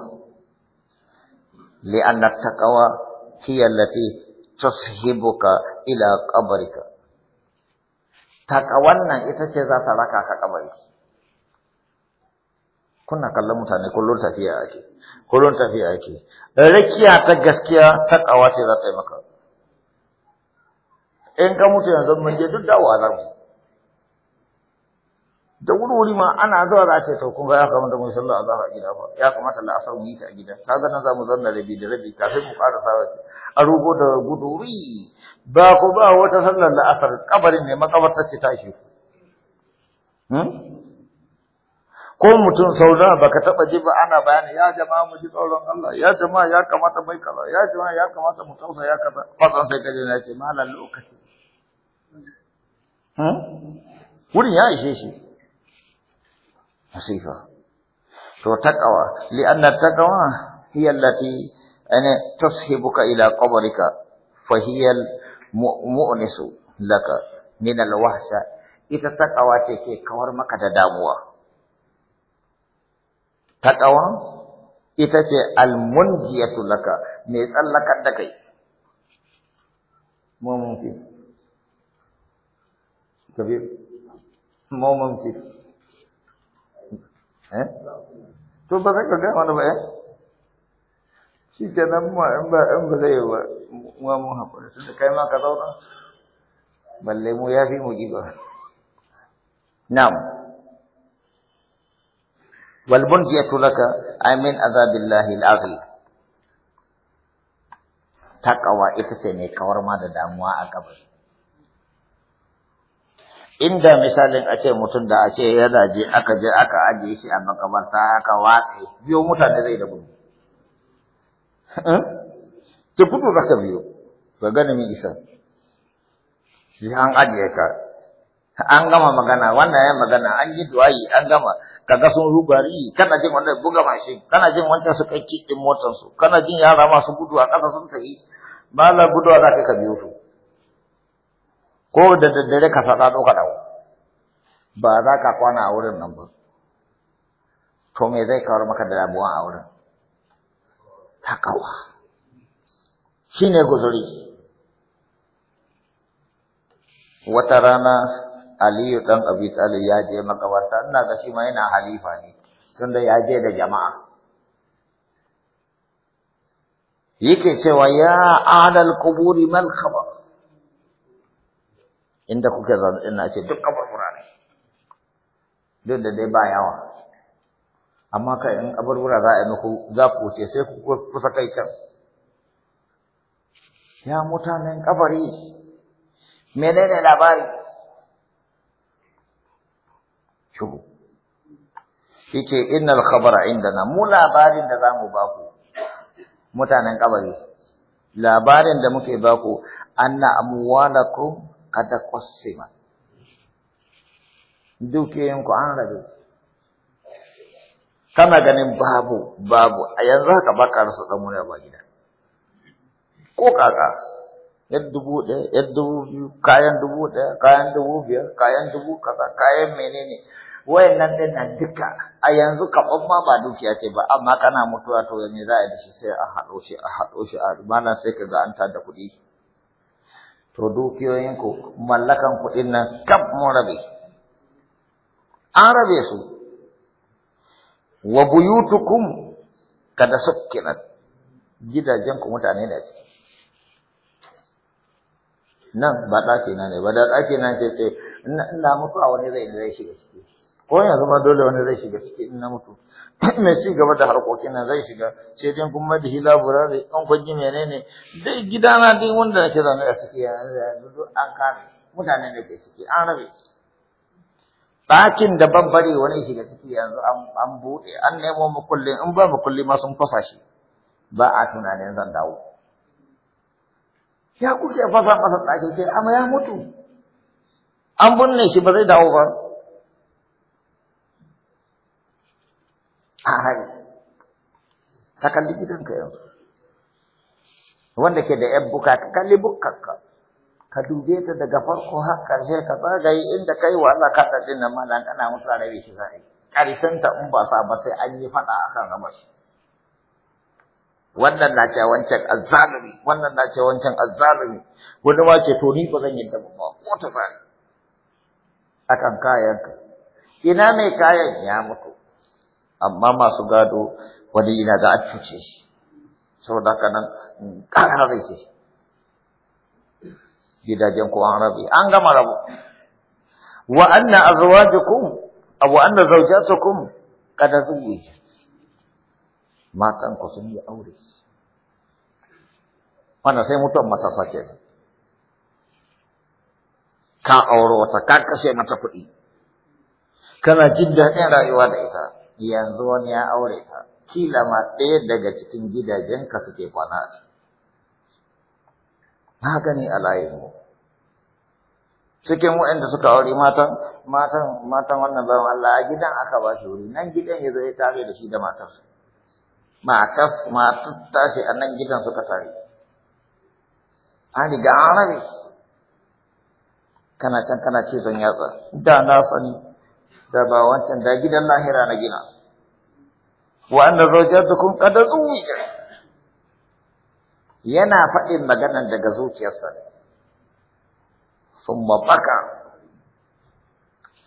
li'anna taqwa هي التي تصحبك إلى قبرك تقوانا إتجزا تلك كقبرك كنا kallon mutane kullun tafiya ake kullun tafiya ake rakiya ta gaskiya ta kawace ta yi maka in ka mutu yanzu mun je duk dawowa za mu da wuri ma ana zuwa za a ce to kun ga ya kamata mu sallar a a gida ba ya kamata asar mu yi ta a gida kaga nan za mu zanna rabi da rabi kafin mu fara sawa a rugo da guduri ba ku ba wata sallar la'asar kabarin ne ta ce ta shi hmm? ko mutum ba baka taba ji ba ana bayani ya jama'a mu ji tsoron Allah ya jama'a ya kamata mai kaza ya jama'a ya kamata mu tausa ya kaza fasan sai kaje na ce malal lokaci hmm? wurin ya ishe shi صفة تقوى لأن التقوى هي التي أنا تسحبك إلى قبرك فهي المؤنس لك من الوحشة إذا تقوى تكي كور قد داموا تقوى إذا المنجية لك مثل لك الدكي مو ممكن كبير مو ممكن eh to ba za ka ga wani ba eh shi kenan ma in ba in ba zai ba mu mu hakuri tunda kai ma ka zauna balle mu ya fi mu giba na'am wal bunyatu laka ay min azabillahi al-azl taqwa ita ce mai kawar ma da damuwa a kabari inda misalin a ce mutum da a ce ya je aka je aka ajiye shi a makabarta aka watsa biyo mutane zai da gudu Ta kudu zaka biyo ba gani mai isa shi an ajiye ka an gama magana wannan ya magana an yi duwayi an gama ga sun rubari, kana jin wannan buga mashin kana jin wancan su kai kiɗin motar su kana jin yara masu gudu a ƙasa sun tafi ba la gudu za ka biyo su ko da daddare ka faɗa ɗauka ɗau ba za ka kwana a wurin nan ba to me zai kawar maka da damuwa a wurin takawa shi ne guzuri wata rana aliyu ɗan abi talib ya je makabarta ina ga shi ma yana halifa ne tunda ya je da jama'a yake cewa ya adal kuburi man khabar inda kuke zaune ina ce duk kaburbura ne duk da dai ba yawa amma kai in kaburbura za a yi muku za ku wuce sai ku kusa kai can ya mutanen kabari menene labari shubu yake innal khabara indana mu labarin da zamu baku mutanen kabari labarin da muke baku anna amwalakum kada kwasima ku an rabe kana ganin babu babu a yanzu haka ka rasa dan wani ba gida ko kaka yar dubu ɗaya yar dubu biyu kayan dubu ɗaya kayan dubu biyar kayan dubu kaza kayan menene nan din nan duka a yanzu kaban ma ba dukiya ce ba amma ah, kana mutuwa to me za a yi da shi sai a haɗo shi a haɗo shi a al-mana sai kaga an tada kuɗi to dukiyoyinku mallakan kuɗin nan kaf mun rabe an rabe su wa buyutukum kada sukkinat gidajenku mutane ne ciki nan ba ɗaki na ne ba da ɗaki na ce ce ina mutuwa wani zai ne shi shiga ciki ko ya zama dole wani zai shiga ciki in na mutu mai ci gaba da harkokin nan zai shiga sai dai kuma da hila burare an kwaji menene dai gidana dai wanda nake zaune a ciki yanzu duk an kame mutane ne ke ciki an rabe ɗakin da babbare wani shiga ciki yanzu an buɗe an nemo makullin in ba makulli ma sun fasa shi ba a tunanin zan dawo ya kuke fasa fasa ɗakin sai amma ya mutu an binne shi ba zai dawo ba a hari ka kalli gidanka yanzu wanda ke da yan buka ka kalli bukkanka ka dube ta daga farko har ƙarshe ka zagaye inda kai wahala ka tsaje din nan malan kana musu rabe shi zai ƙarshen ta in ba sa ba sai an yi faɗa akan ramar shi wannan na ce wancan azzalumi wannan na ce wancan azzalumi wani ma ce to ni ba zan yi da ba ko ta zai akan kayanka ina mai kayan ya mutu amma masu gado wani yana da an cuce shi saboda haka nan ƙara zai ce gidajen ko an rabe an gama rabu wa anna azwajukum aw anna zawjatukum qad zawwijat matan ku sun yi aure wannan sai mutum masa sake ka auro wata ka kashe mata kuɗi kana jin daɗin rayuwa da ita yanzu wani ya aure ta kila ma ɗaya daga cikin gidajenka suke kwana a ciki na gani a layinmu cikin wa'anda suka aure matan matan matan wannan bayan Allah a gidan aka ba shi wuri nan gidan ya zo ya tare da shi da matar matar matar tashi a nan gidan suka tare an riga arabi, kana can kana ce zan yatsa da na sani da ba wancan da gidan lahira na gina wa anna zawjatukum qad zuwija yana faɗin maganan daga zuciyarsa ne thumma baka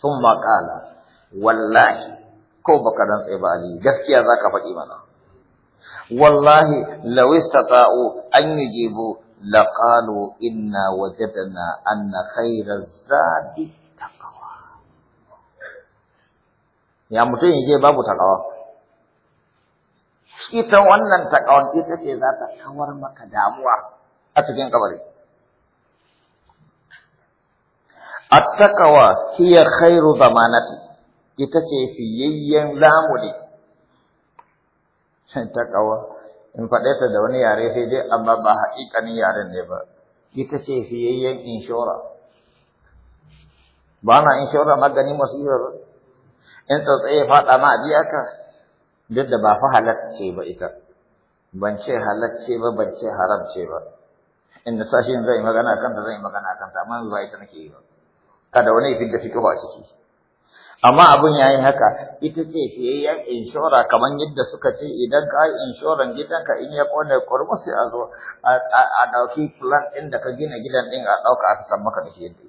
thumma qala wallahi ko baka dan tsaye ba ali gaskiya zaka faɗi mana wallahi law istata'u an yujibu laqalu inna wajadna anna khayra zadi ya mutum yake babu takawa ita wannan takawa ita ce za ta kawar maka damuwa a cikin kabari A taqwa hiya khairu zamanati ita ce fiyayyen zamuni sai takawa in faɗe ta da wani yare sai dai amma ba haƙiƙanin yaren ne ba ita ce fiyayyen inshora ba na inshora maganin masifar in tsatsaye faɗa ma a biya ka duk da ba fa halacce ba ita ban ce halacce ba ban ce haramce ba inda sashin zai magana kanta zai magana kanta amma ba ita nake yi ba kada wani fidda fikihu a ciki amma abun yayin haka ita ce fiyayyen inshora kamar yadda suka ce idan ka yi inshoran gidanka in ya kone kurma sai a zo a ɗauki plan ɗin da ka gina gidan ɗin a ɗauka a fitar maka da shi yadda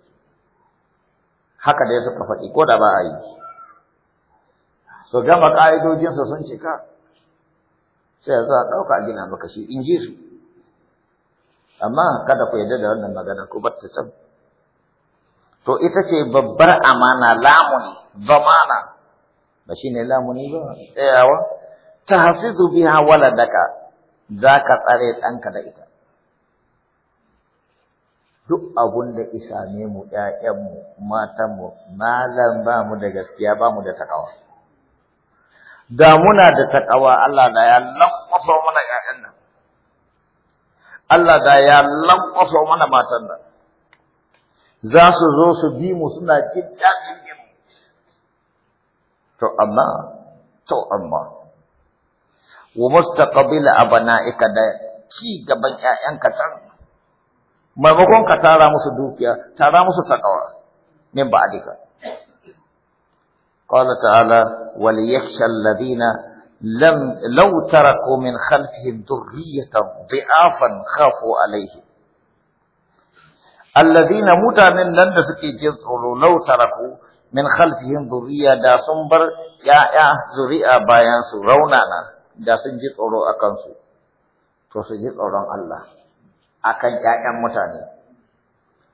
haka dai suka faɗi ko da ba a yi su gama ƙa'idojinsa sun cika sai za a ɗauka gina maka shi in ji su amma kada ku yarda da wannan magana ku bar ta can to ita ce babbar amana lamuni zamana ba shi ne lamuni ba tsayawa Ta wala daga za ka tsare ɗanka da ita duk abun da isa ne mu matan matanmu malam ba mu da gaskiya ba mu da takawa da muna da takawa Allah da ya lankwasa mana ƴaƴan nan Allah da ya lankwasa mana matan nan za su zo su bi mu suna jin daɗin yin to amma to amma wa mustaqbil abna'ika da ci gaban ƴaƴanka can maimakon ka tara musu dukiya tara musu takawa min ba'dika قال تعالى وليخشى الذين لم لو تركوا من خلفهم ذرية ضعافا خافوا عليه الذين متانن لن تسكي جذروا لو تركوا من خلفهم ذرية دا سنبر يا يا ذرية بايان رونانا دا سنجذروا تورو أكنسو to الله أكن tsoron يا akan ƴaƴan mutane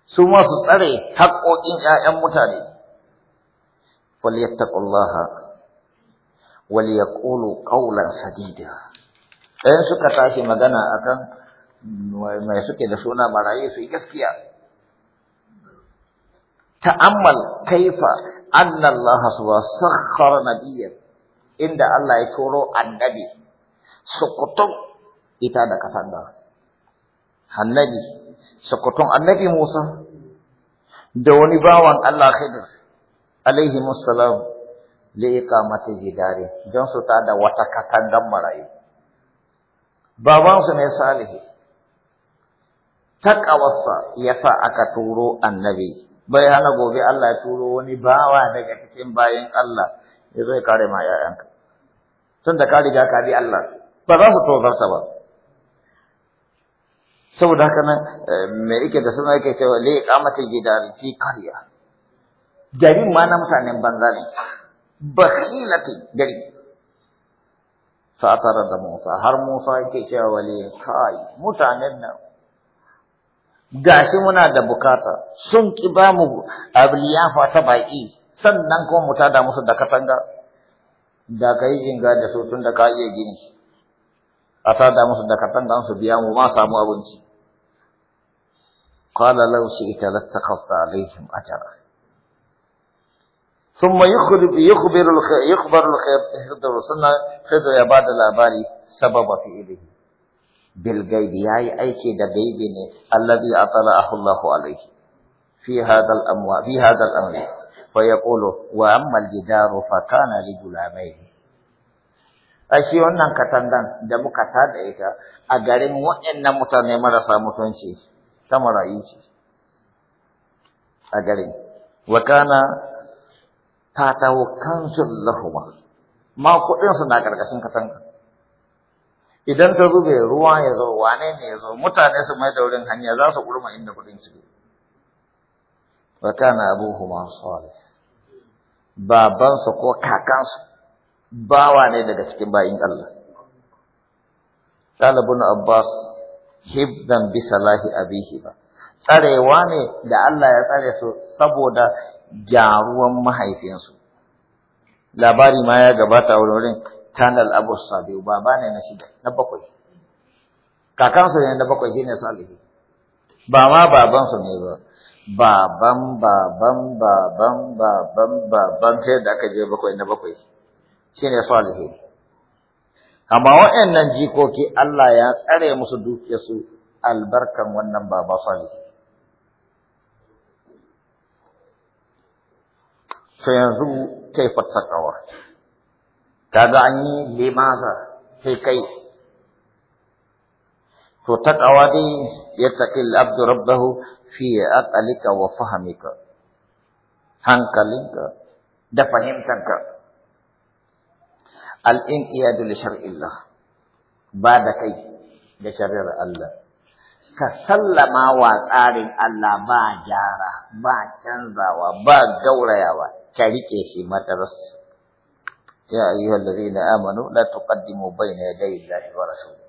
su ma su يا haƙoƙin فليتقوا الله وليقولوا قولا سديدا suka tashi magana akan mai suke da suna marayu su yi gaskiya ta'ammal kaifa anna Allah subhanahu sakhkhara nabiyyan inda Allah ya koro annabi sukutun ita da katanga annabi sukutun annabi Musa da wani bawan Allah Khidir alaihi musallam iqamati jidari don su ta da wata katangan Baban su ne salihi takawarsa yasa aka turo annabi bai hana gobe Allah ya turo wani bawa daga cikin bayan Allah ya zo ya kare ma yayanka tun da ka riga ka Allah ba za su tozarsa ba saboda haka nan eh, me yake da suna yake cewa li iqamati jidari fi karya. Jadi mana na mutanen banza ne bakhilati gari fa'atara da Musa har Musa yake cewa wali kai mutanen nan gashi muna da bukata sun ki ba mu abliyafa ta baki sannan kuma mu tada musu da katanga da kai jinga da su tun da ka iya gini a tada musu da katanga su biya mu ma samu abinci qala law shi'ta lattakhasta alaihim ajra ثم يخبر يخبر يخبر الخضر سنة خضر يا بعد الأبار سبب في إليه بالغيب ياي أي شيء غيب الذي أطلعه الله عليه في هذا الأمر في هذا الأمر فيقول وأما الجدار فكان لغلامين ashe wannan katandan da muka tada ita a garin waɗannan mutane marasa mutunci ta marayu ce a garin wa kana fatawo kansun lahuma ma kuɗinsu na ƙarƙashin katanka idan ta zube ruwa ya zo wane ne ya zo mutane su mai da wurin hanya za su kurma inda kuɗin su wa kana abuhuma salih su ko kakan su bawa ne daga cikin bayin Allah talabun abbas hibdan bi salahi abihi ba tsarewa ne da Allah ya tsare su saboda gyaruwan mahaifinsu labari ma ya gabata a wurin Tanal abu sabiu baba ne na shida na bakwai kakansu ne na bakwai shi ne salihu ba ma babansu ne ba baban baban baban baban baban sai da aka je bakwai na bakwai shi ne salihu amma nan jikoki Allah ya tsare musu dukiyarsu albarkan wannan baba salihu to yanzu kai fattakawa kaga an yi limaza sai kai to takawa dai ya al-abdu rabbahu fi aqalika wa fahamika hankalinka da fahimtanka al-inqiyadu li shar'illah ba da kai da sharar Allah ka sallama wa tsarin Allah ba gyara, ba canzawa, ba gaurayawa, ka riƙe shi madaras. Ya ayyuhal ladina amanu la tuqaddimu bayna yaday Allahi wa rasulih.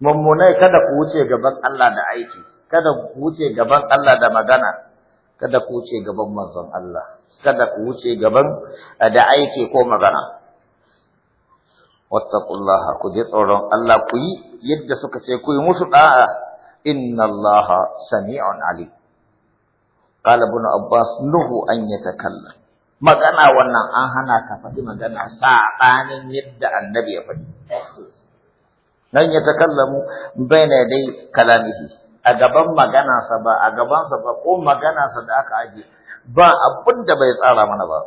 Mummunai kada ku wuce gaban Allah da aiki, kada ku wuce gaban Allah da magana, kada ku wuce gaban manzon Allah, kada ku wuce gaban eh, da aiki ko magana. Wattaqullaha ku ji tsoron Allah ku yi yadda suka ce ku yi musu da'a Inna الله سميع Ali, قال Abbas, nuhu نهوا أن يتكلم magana wannan an hana ka faɗi magana saɓanin yadda annabi ya faɗi. Nan ya takallamu baina dai kalamihi a gaban magana sa ba a gaban sa ba ko magana sa da aka aje ba abin da bai tsara mana ba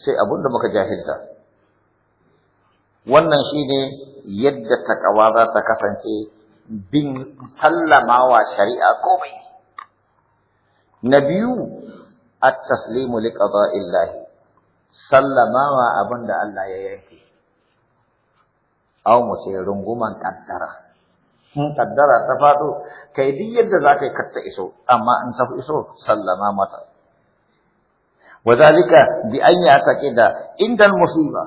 sai abin da muka jahilta. Wannan shi ne yadda takawa za ta kasance bin sallamawa shari'a komai na biyu at-taslimu li qada'illahi sallamawa abinda Allah ya yanke aw mu runguman kaddara in kaddara ta faɗo kai duk yadda za ka yi iso amma in ta iso sallama mata وذلك indal musiba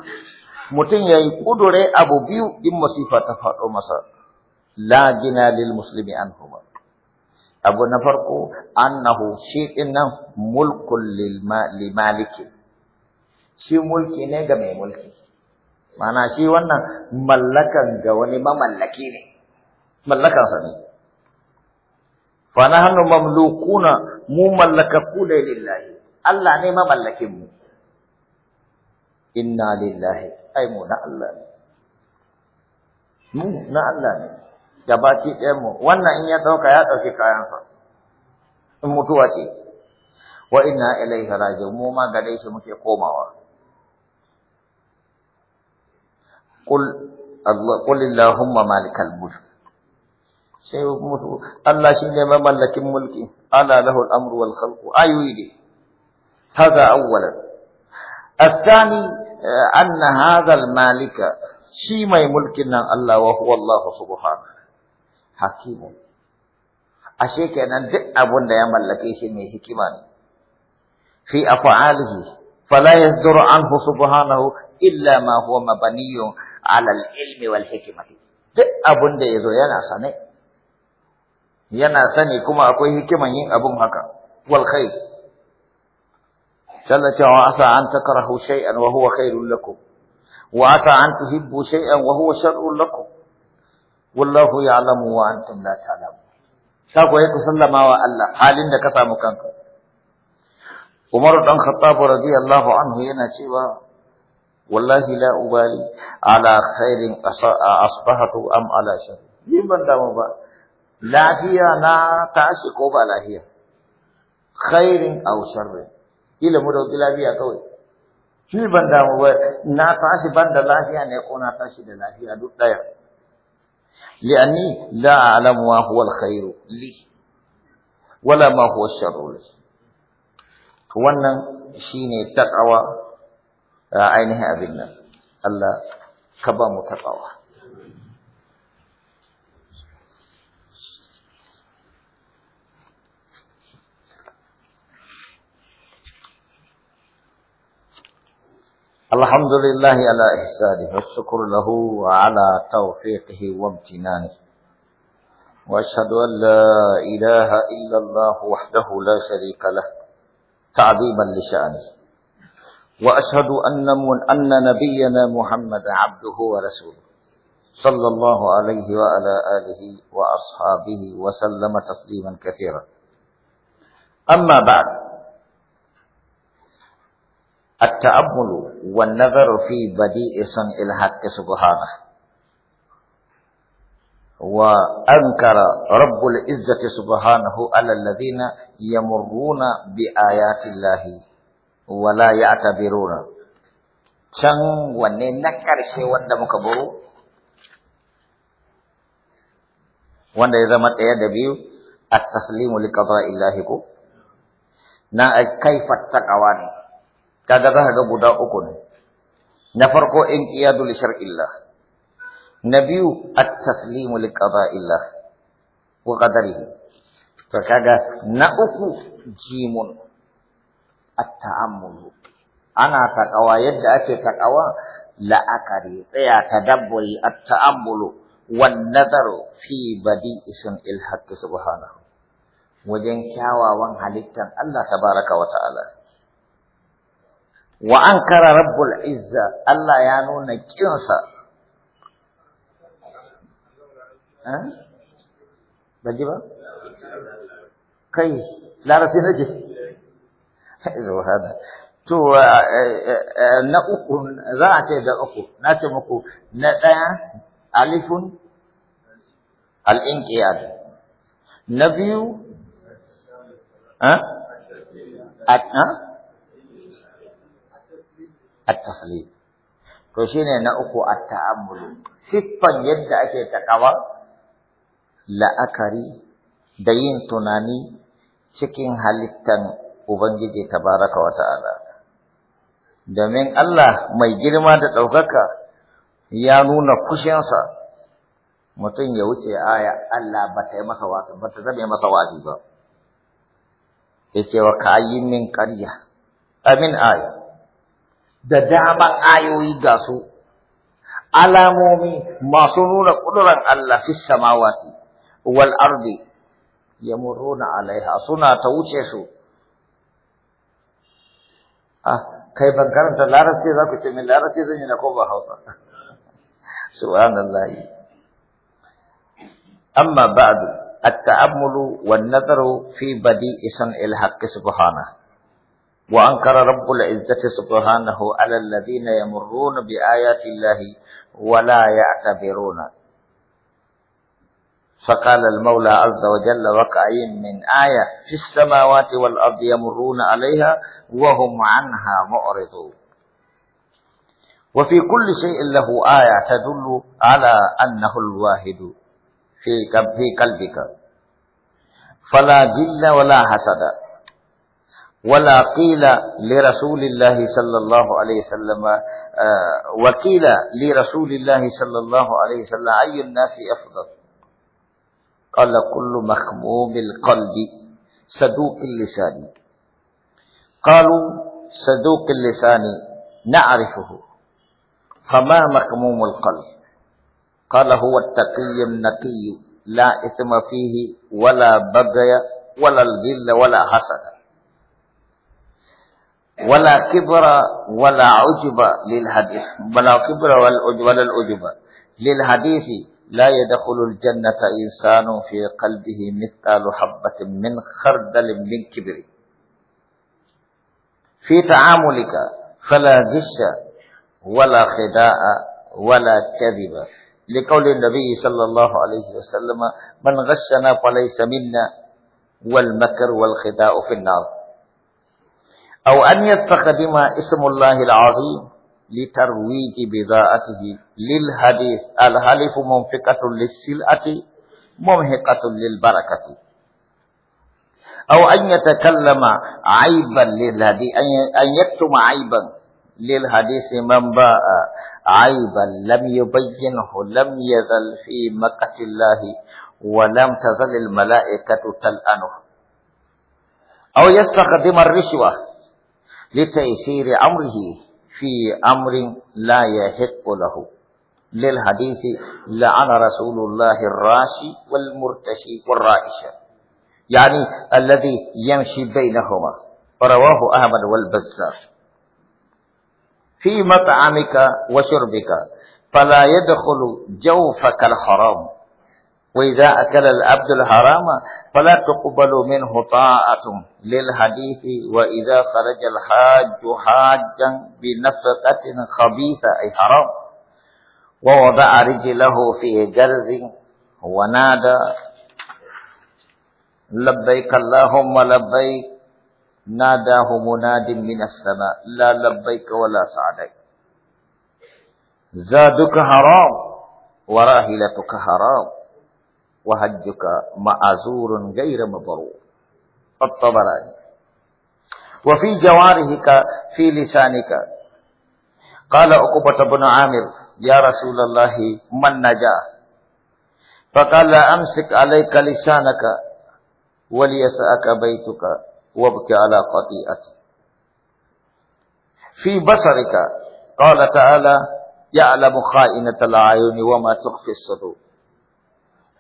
mutun yayi kudure abu biyu, in إن ta fado masa. la gina lil muslimi anhuma abu na farko annahu shi din nan mulkun lil maliki shi mulki ne ga mai mulki mana shi wannan mallakan ga wani mamallaki ne mallakan sa ne fa nahnu mamlukuna mu mallakaku ne lillahi Allah ne mamallakin mu inna lillahi ai mu na Allah ne mu na Allah ne gabaki ɗayanmu wannan in ya ɗauka ya ɗauki kayansa in mutuwa ce wa inna ilaihi raji'un mu ma gare shi muke komawa qul Allah qul allahumma malikal mulk sai mutu Allah shi shine mamallakin mulki ala lahu al-amru wal khalqu ayyidi hada awwalan الثاني أن هذا المالك شي ما يملكنا الله وهو الله سبحانه hakimun ashe kenan duk abun da ya mallake shi mai hikima ne fi af'alihi fala yasduru anhu subhanahu illa ma huwa mabniyun ala al-ilmi wal hikmati duk abun da yazo yana sane yana sani kuma akwai hikiman yin abun haka wal khair sallata wa asa an takrahu shay'an wa huwa khairul lakum wa asa an tuhibbu shay'an wa huwa sharrul lakum wallahu ya'lamu wa antum la ta'lamun sako yake sallama wa Allah halin da ka samu kanka Umar dan Khattab radiyallahu anhu yana cewa wallahi la ubali ala khairin asbahatu am ala shar ni ban damu ba lafiya na tashi ko ba lafiya khairin aw ila mu da lafiya kawai shi ban damu ba na tashi ban da lafiya ne ko na tashi da lafiya duk daya لأني لا أعلم ما هو الخير لي ولا ما هو الشر لي وأن شيني تقوى آه، عينها أبنى الله كبام تقوى الحمد لله على إحسانه والشكر له على توفيقه وامتنانه وأشهد أن لا إله إلا الله وحده لا شريك له تعظيما لشأنه وأشهد أن من أن نبينا محمد عبده ورسوله صلى الله عليه وعلى آله وأصحابه وسلم تسليما كثيرا أما بعد التأمل والنظر في بديء صنع الحق سبحانه وأنكر رب العزة سبحانه على الذين يمرون بآيات الله ولا يعتبرون شن وننكر شيء وندم كبرو وند إذا مت يا إيه دبيو التسليم لقضاء الله كو نا كيف تقواني kaga za ka ga guda uku ne na farko in qiyadu li shar'illah na biyu at-taslimu li qada'illah wa qadarihi to kaga na uku jimun at-ta'ammulu ana takawa yadda ake takawa la'akari tsaya tadabburi at-ta'ammulu wan nazaru fi badi'i sun'il haqqi subhanahu wajen kyawawan halittan Allah tabaraka wa ta'ala وأنكر رب العزة الله يعنون كيوسا ها با كي لا رسي نجي هذا هذا تو نأكو زعتي دأكو ناتي مكو نتا ألف الإنكياد نبيو ها أتنا at-taslib to shine na uku at-ta'ammul siffan yadda ake takawa la'akari da yin tunani cikin halittan ubangiji tabaraka wa ta'ala domin Allah mai girma da ɗaukaka ya nuna kushinsa mutum ya wuce aya Allah ba ta yi masa wasi ba ta zame masa wasi ba yake wa yi min qarya amin aya da daman ayoyi ga su alamomi masu nuna ƙudurar Allah fi samawati wal ardi yamuruna alaiha suna ta wuce su ah kai ban karanta larabci za ku ce min larabci zan yi na ko ba hausa subhanallahi amma ba'du التأمل والنظر في بديء صنع الحق سبحانه وأنكر رب العزة سبحانه على الذين يمرون بآيات الله ولا يعتبرون فقال المولى عز وجل وكأين من آية في السماوات والأرض يمرون عليها وهم عنها معرضون وفي كل شيء له آية تدل على أنه الواحد في قلبك فلا جل ولا حسد ولا قيل لرسول الله صلى الله عليه وسلم آه، وقيل لرسول الله صلى الله عليه وسلم أي الناس أفضل قال كل مخموم القلب صدوق اللسان قالوا صدوق اللسان نعرفه فما مخموم القلب قال هو التقي النقي لا إثم فيه ولا بغي ولا الغل ولا حسد ولا كبر ولا عجب للحديث ولا كبر ولا العجب للحديث لا يدخل الجنة إنسان في قلبه مثال حبة من خردل من كبر في تعاملك فلا غش ولا خداع ولا كذب لقول النبي صلى الله عليه وسلم من غشنا فليس منا والمكر والخداع في النار أو أن يستخدم اسم الله العظيم لترويج بضاعته للحديث الحلف منفقة للسلعة ممهقة للبركة أو أن يتكلم عيبا للحديث أن يكتم عيبا للحديث من باء عيبا لم يبينه لم يزل في مكة الله ولم تزل الملائكة تلأنه أو يستخدم الرشوة لتيسير أمره في أمر لا يحق له للحديث لعن رسول الله الراشي والمرتشي والرائشة يعني الذي يمشي بينهما رواه أحمد والبزار في مطعمك وشربك فلا يدخل جوفك الحرام وإذا أكل العبد الحرام فلا تقبل منه طاعة للحديث وإذا خرج الحاج حاجا بنفقة خبيثة أي حرام ووضع رجله في جرز ونادى لبيك اللهم لبيك ناداه مناد من السماء لا لبيك ولا سعدك زادك حرام وراهلتك حرام وهجك معذور غير مبرور الطبراني وفي جوارحك في لسانك قال عقبة بن عامر يا رسول الله من نجا فقال أمسك عليك لسانك وليسأك بيتك وابك على خطيئتك في بصرك قال تعالى يعلم خائنة العيون وما تخفي الصدور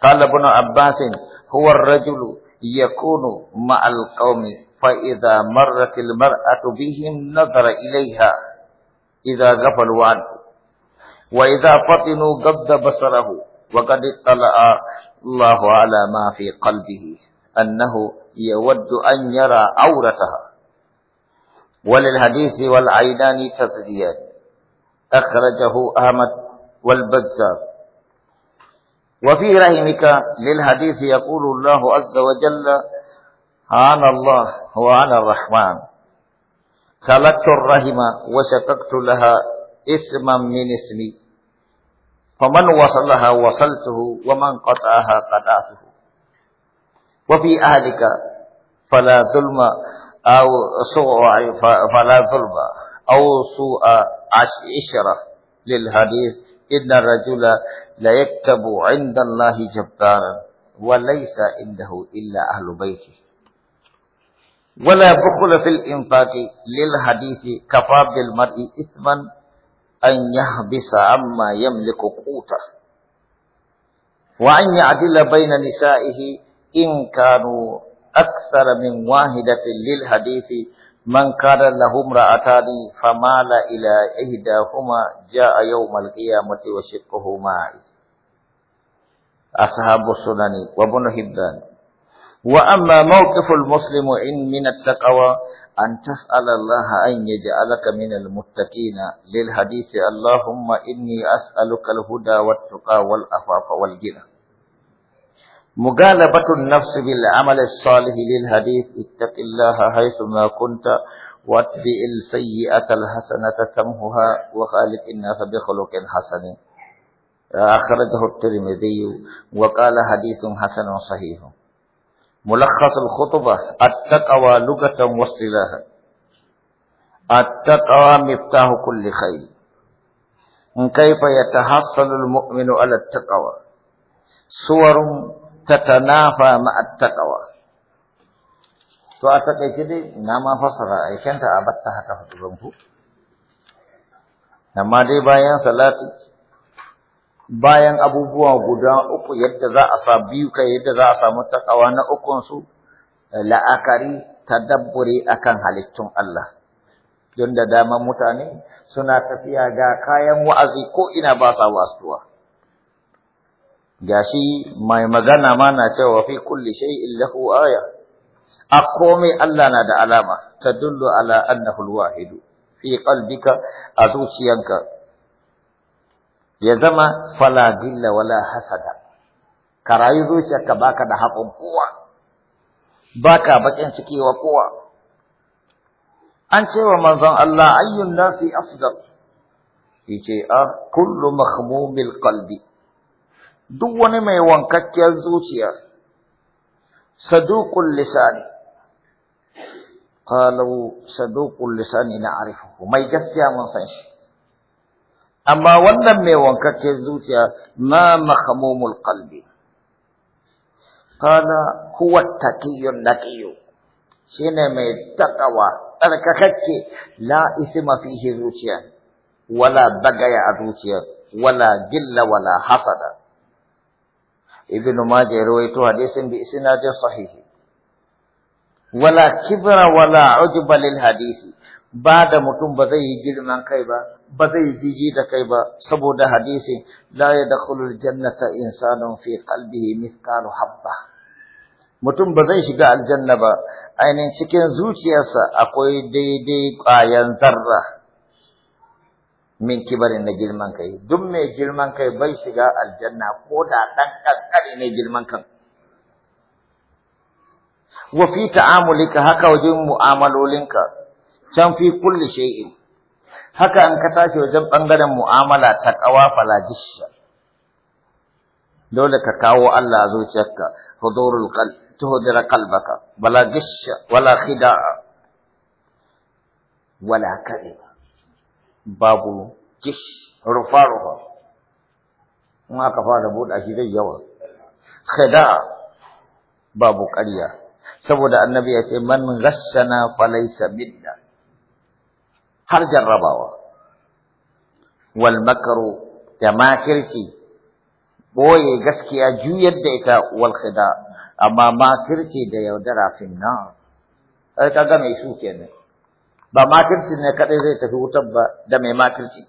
قال ابن عباس هو الرجل يكون مع القوم فإذا مرت المرأة بهم نظر إليها إذا غفلوا عنه وإذا فطنوا غض بصره وقد اطلع الله على ما في قلبه أنه يود أن يرى عورتها وللحديث والعينان تسديان أخرجه أحمد والبزار وفي رحمك للحديث يقول الله عز وجل عن الله وعن الرحمن خلقت الرحم وشتقت لها اسما من اسمي فمن وصلها وصلته ومن قطعها قطعته وفي أهلك فلا ظلم أو سوء فلا ظلم أو سوء عشرة للحديث إن الرجل لا يكتب عند الله جبارا وليس عنده إلا أهل بيته ولا بخل في الإنفاق للحديث كفى بالمرء إثما أن يحبس عما يملك قوته وأن يعدل بين نسائه إن كانوا أكثر من واحدة للحديث من كان له امرأتان فمال إلى إحداهما جاء يوم القيامة وشقهما أصحاب السنن وابن حبان وأما موقف المسلم إن من التقوى أن تسأل الله أن يجعلك من المتقين للحديث اللهم إني أسألك الهدى والتقى والأفاف والجنة مغالبة النفس بالعمل الصالح للحديث اتق الله حيث ما كنت واتبع السيئة الحسنة تمهها وخالق الناس بخلق حسن أخرجه الترمذي وقال حديث حسن صحيح ملخص الخطبة التقوى لغة واصطلاحا التقوى مفتاح كل خير كيف يتحصل المؤمن على التقوى صور tatanafa ma'at taqwa to a takaice dai na ma fasara aikanta a batta haka faturan ku amma dai bayan salati bayan abubuwa guda uku yadda za a sa biyu kai yadda za a samu taqwa na ukun su la'akari tadabburi akan halittun Allah don da dama mutane suna tafiya ga kayan wa'azi ko ina ba sa wasuwa gashi mai magana ma na cewa fi kulli shay'in lahu aya a komai Allah na da alama tadullu ala annahu alwahid fi qalbika a zuciyanka ya zama fala dilla wala hasada ka rayu zuciyarka baka da haƙon kowa baka bakin ciki wa kowa an wa manzon Allah ayyun nasi afdal yace a kullu mahmumil qalbi duk wani mai wankakkiyar zuciya saduqul lisani qalu saduqul lisani na arifu mai gaskiya mun san shi amma wannan mai wankakkiyar zuciya ma mahmumul qalbi qala huwa taqiyyun naqiyyu shine mai takawa tsarkakakke la isma fihi zuciya wala bagaya a zuciya wala gilla wala hasada ibnu majah ya rawaito hadisin bi isnadin sahihi wala kibra wala ujba lil hadisi ba da mutum ba zai yi girman kai ba ba zai yi jiji da kai ba saboda hadisi la yadkhulu al jannata insanun fi qalbihi mithqalu habba mutum ba zai shiga aljanna ba ainihin cikin zuciyarsa akwai daidai ƙwayan zarra min kibarin na girman kai duk mai girman kai bai shiga aljanna ko da dan kankare ne girman kan wa fi ta'amulika haka wajen mu'amalolinka can fi kulli shay'in haka an ka tashi wajen bangaren mu'amala ta kawa falajisha dole ka kawo Allah zuciyarka hudurul qalb tuhdira qalbaka bala gisha wala khida'a wala babu kish rufa-rufa in aka fara buɗa shi zai yawa khada babu ƙarya saboda annabi ya ce man ghassana falaysa minna har jarrabawa wal makru da makirci boye gaskiya juyar da ita wal khida amma makirci da yaudara finna ai kaga mai su kenan ba makirci ne kaɗai zai tafi wutar ba da mai makirci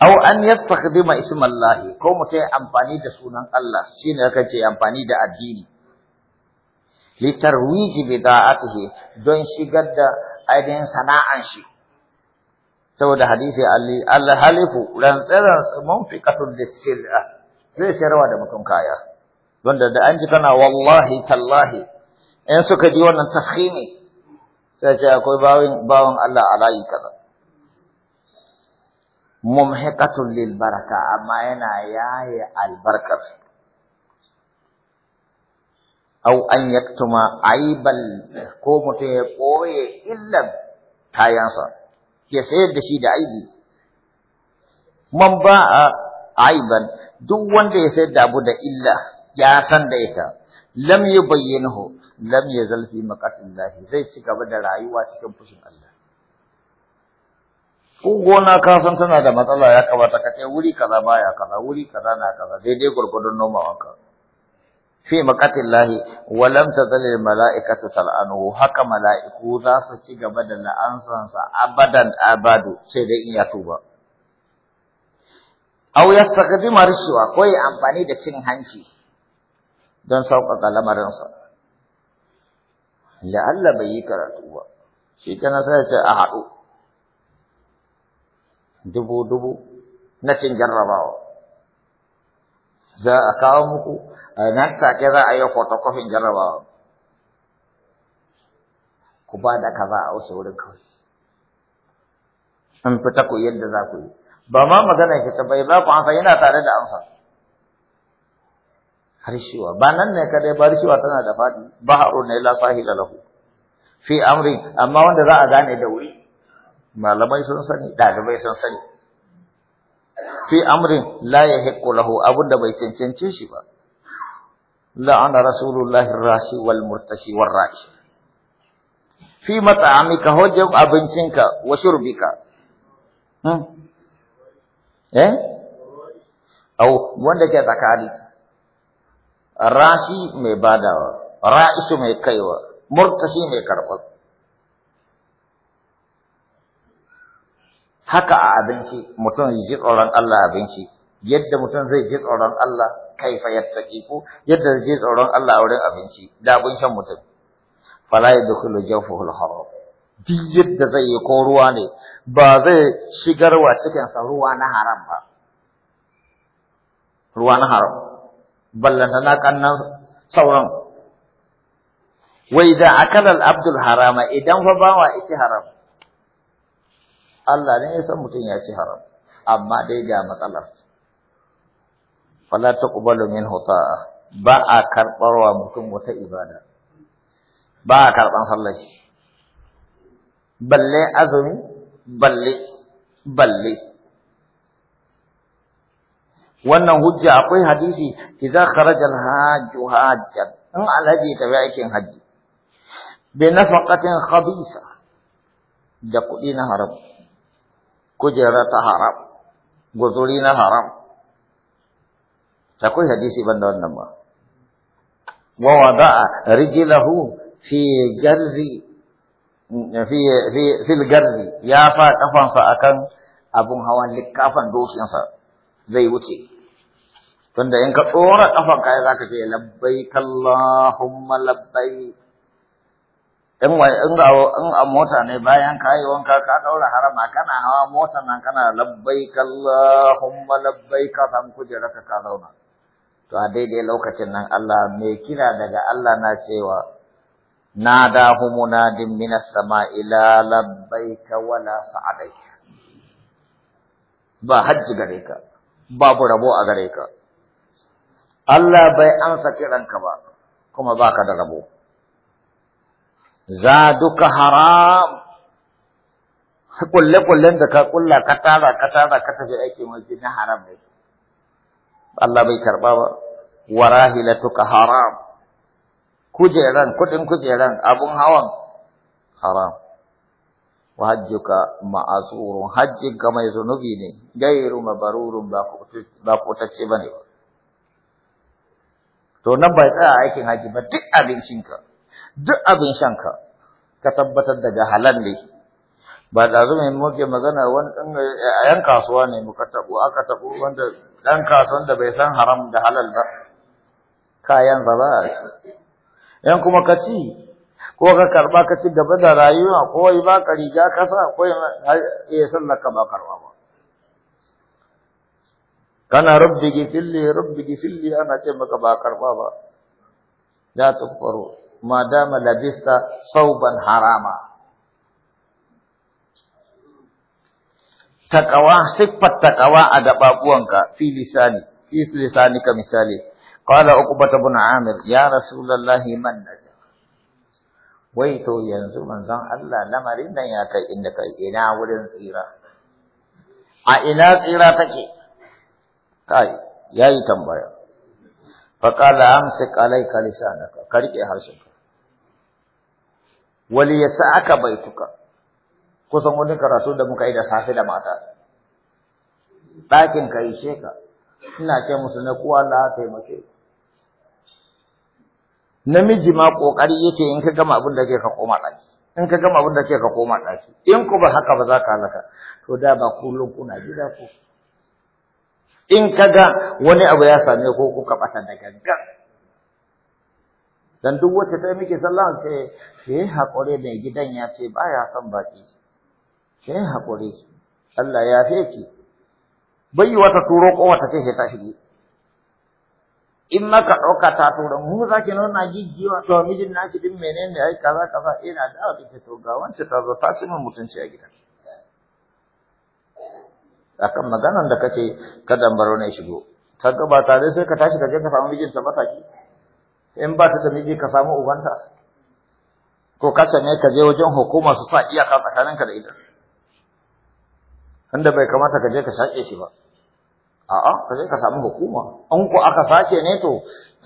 Au an yastakhdima ism lahi, ko mutum amfani da sunan Allah shine ya ce amfani da addini wiji li tarwiji bida'atihi don shigar da ainihin sana'an shi saboda hadisi Ali Allah halifu rantsaran da sirra, zai sayarwa da mutum kaya wanda da an ji kana wallahi tallahi in suka ji wannan tafhimi sai ce akwai bawan Allah a kaza mumhiqatun lil baraka amma yana yaye albarkar aw an yaktuma aibal ko mutum ya koye illan tayansa ya sayar da shi da aibi man ba'a aiban duk wanda ya sayar da abu da illa ya san da ita lam ho, lam zalfi fi maqatillahi zai ci gaba da rayuwa cikin fushin Allah ko gona ka san tana da matsala ya kamata ka kai wuri kaza baya kaza wuri kaza na kaza daidai gurgurdun wanka. fi maqatillahi wa lam tazal mala'ikata mala'ikatu tal’anu, haka mala'iku za su ci gaba da la'ansansa abadan abadu sai dai in ya tuba aw yastaqdimu rishwa ko amfani da cin hanci don sauƙaƙa lamarinsa Allah bai yi karatu ba shi kana sai ce a haɗu dubu dubu na cin jarrabawa za a kawo muku a nan take za a yi kwatakwafin jarrabawa ku ba da kaza a wasu wurin kawai In fita ku yadda za ku yi ba ma magana ki ta bai za ku ansa yana tare da amsa. harshewa ba nan ne kadai ba harshewa tana da fadi baharu ne la sahila lahu fi amri amma wanda za a gane da wuri malamai sun sani dalibai sun sani fi amrin la yahiqqu lahu abunda bai cancance shi ba ana rasulullahi rashi wal murtashi war rashi fi mat'amika hujjab abincinka wa shurbika hmm eh au wanda ke tsakani rashi mai badawa ra'isu mai kaiwa murtashi mai karɓar haka a abinci mutum ya ji tsoron Allah abinci yadda mutum zai ji tsoron Allah kaifa yattaki ko yadda zai ji tsoron Allah a wurin abinci da abin shan mutum fala yadkhulu jawfuhu al-haram duk yadda zai yi ko ruwa ne ba zai shigarwa cikin sa ruwa na haram ba ruwa na haram na kannan sauran Wai da akala al-abdul harama idan fa bawa ici haram Allah ne ya san mutum ya ci haram amma dai ga matsalar fala taqbalu minhu ta'a ba a karbarwa mutum wata ibada ba a karban sallah balle azumi balle balle wannan hujja akwai hadisi idza kharaja al-hajj hajjan in alhaji tafi aikin haji bi nafaqatin khabisa da kudi na haram kujera ta haram guzuri na haram akwai hadisi banda wannan ba wa wada'a rijlahu fi jarzi fi fi fil garzi ya fa kafansa akan abun hawan likafan dokinsa zai wuce tunda in ka tsora kafan ka za ka ce labbai Allahumma in wai in a mota ne bayan ka yi wanka ka daura harama kana hawa mota nan kana labbaik Allahumma labbaik ka san kujerarka ka zauna to a daidai lokacin nan Allah mai kira daga Allah na cewa ناداه مناد من السماء لا لبيك ولا Ba hajji gare ka. babu rabo a gare ka Allah bai ansa kiranka ba kuma baka da rabo duka haram kulle-kullen da ka kulla ka tara ka tara ka tafi aiki mulki na haram ne Allah bai karba ba warahilatuka haram kujeran kudin kujeran abun hawan haram wa hajjuka ma'azurun hajjinka mai zunubi ne gairu mabarurun ba kotacce ba ne ba to nan bai tsaya aikin haji ba duk abincinka duk abin shanka ka tabbatar daga halal ne ba da mai muke magana wani ɗan yan kasuwa ne muka tabo aka tabo wanda ɗan kasuwan da bai san haram da halal ba kayan za a ci yan kuma ka ci ko ka karba ka ci gaba da rayuwa kowai ya baka riga kasa ko ya san ka ba karba ba kana rabbi filli, rabbi filli ana ce maka ba karba ba Ya tukfaru ma dama labista sauban harama takawa siffar takawa a gababuwanka fi lisani fi ka misali qala uqbata ibn amir ya rasulullahi man naja wai to yanzu manzon Allah lamarin nan ya kai inda kai ina wurin tsira a ina tsira take kai yayi tambaya fa qala amsik alayka lisanaka karke harshenka wali yasa'aka baituka kusan wani karatu da muka yi da safe da mata ɗakin ka ishe ka ina ce musu na kuwa Allah taimake ku namiji ma kokari yake in ka gama abin da ke ka koma ɗaki in ka gama abin da ke ka koma ɗaki in ku ba haka ba za ka halaka to da ba kullum kuna gida ko in ka ga wani abu ya same ko ka ɓata da gangan dan duk wata ta muke sallah sai sai hakuri mai gidan ya ce baya son baki sai hakuri Allah ya ki bai wata turo ko wata sai ta shige in maka ɗauka ta tura mu za ki nuna jijjiwa to mijin naki din menene ai kaza kaza ina eh, da abin take to ga wancan ta zo ta ci min mutunci a gida. akan maganan da kace kada baro ne shigo ka ga ba tare sai ka tashi ka je ka samu mijin ta mataki in ba ta da miji ka samu ubanta ko ka ne ka je wajen hukuma su sa iyaka tsakaninka da ita inda bai kamata ka je ka shaƙe shi ba a'a ka sai ka samu hukuma in ko aka sake ne to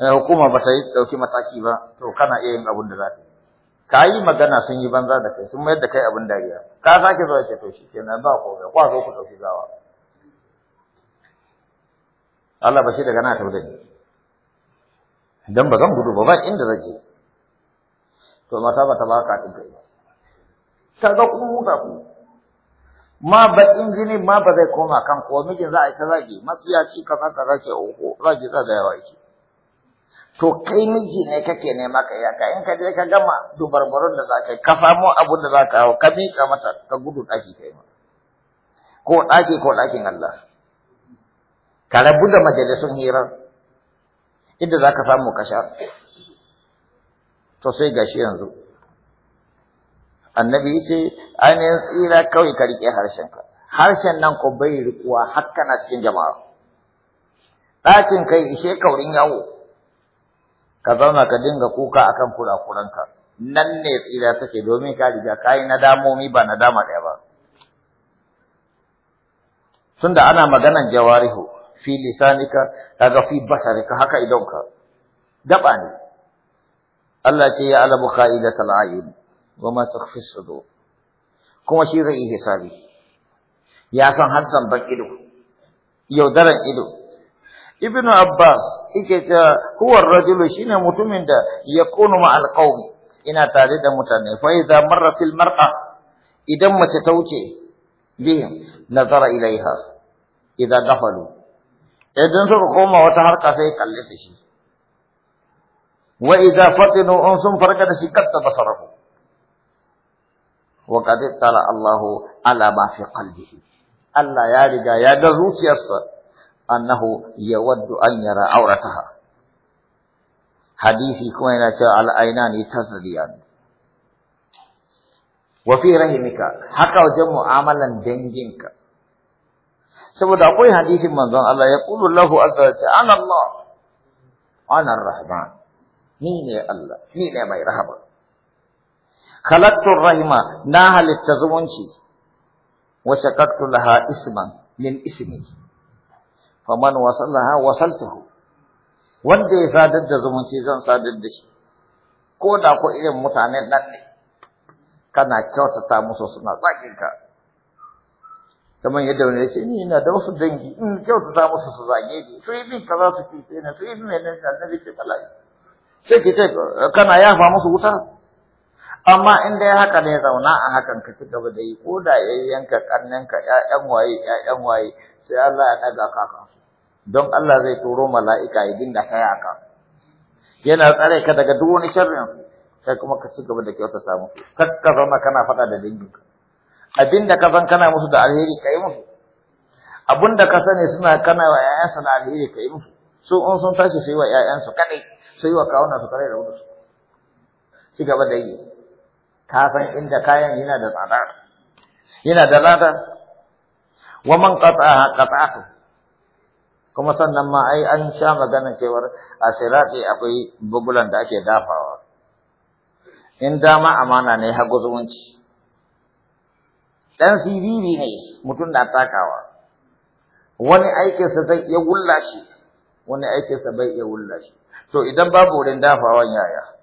eh, hukuma ba ta yi dauki mataki ba to kana iya yin abin da za ka yi magana sun yi banza da kai sun mayar da kai abin dariya ka sake zuwa ce to nan ba ko kwa kwazo ku dauki gawa Allah ba shi daga na da ni. dan ba zan gudu ba ba inda zake to mata ba ta baka dinka ka ga ku huta ku ma baƙin jini ma ba zai koma kan ko mijin za a yi ta zagi matsiyaci kaza kaza ce uku zagi za da yawa yake to kai miji ne kake nema ka yaka in ka je ka gama dubarbarun da za ka yi ka samo abun da za ka hau ka miƙa mata ka gudu ɗaki kai ma ko ɗaki ko ɗakin Allah ka rabu da majalisun hirar inda za ka samu ka sha to sai gashi yanzu annabi ce, ainihin tsira kawai ka rike ka harshen nan ko bai rikuwa har kana cikin jama'a ɗakin kai ishe kaurin yawo ka zauna ka dinga kuka akan kurakuranka nan ne tsira take domin ka riga ka yi damomi ba na dama ɗaya ba tunda ana maganan jawarihu fi lisanika kaga fi basarika haka idonka daba ne Allah ce ya alamu ka'idata ayun وما تخفي الصدور كما شيء رأيه سالي يا سان هذا سبب إلو يودر إلو ابن عباس إكتا هو الرجل شين متمند يكون مع القوم إن تعدد متمند فإذا مرت المرأة إذا ما تتوجه بهم نظر إليها إذا دخلوا إذن سر قوم وتحر كسي قلت شيء وإذا فتنوا أنصم فرقد شكت بصرهم وقد اطلع الله على ما في قلبه الله يا رجا يا دروس أنه يود أن يرى عورتها حديثي كما على أينان تزريان وفي رحمك حقا وجم عملا دنجنك سبب أقول حديث من Allah ya kulu lahu azza wa ana Allah ana rahman ni ne Allah ni ne mai khalaqtur rahima na halitta zumunci wa shaqaqtu laha isman min ismi faman wasalaha wasaltuhu wanda ya sadar da zumunci zan sadar da shi ko da ko irin mutanen nan ne kana kyautata musu suna tsakin ka kamar yadda wani ya ce ni ina da wasu dangi in kyautata musu su zage ni su yi min za su fice ni su yi min menene annabi ce bala'i sai ke ce kana yafa musu wuta amma in dai haka ne zauna a hakan ka ci gaba da yi ko da yayyanka karnanka ƴaƴan waye ƴaƴan waye sai Allah ya daga kaka don Allah zai turo mala'ika ya dinga kai aka. yana tsare ka daga duk wani sharrin sai kuma ka ci gaba da kyautata musu kar ka zama kana faɗa da danginka abinda ka san kana musu da alheri ka yi musu abinda ka sani suna kana wa ƴaƴansu da alheri ka yi musu su in sun tashi su yi wa ƴaƴansu kadai su yi wa kawuna su kare da wani su ci gaba da yi ka san inda kayan yana da tsada yana da lada wa man qata'a qata'atu kuma sannan ma ai an sha magana cewar a sirati akwai bugulan da ake dafawa in dama amana ne hagu zumunci dan siriri ne mutum na takawa wani aikinsa zai iya wulla shi wani aikinsa bai iya wulla shi to idan babu wurin dafawan yaya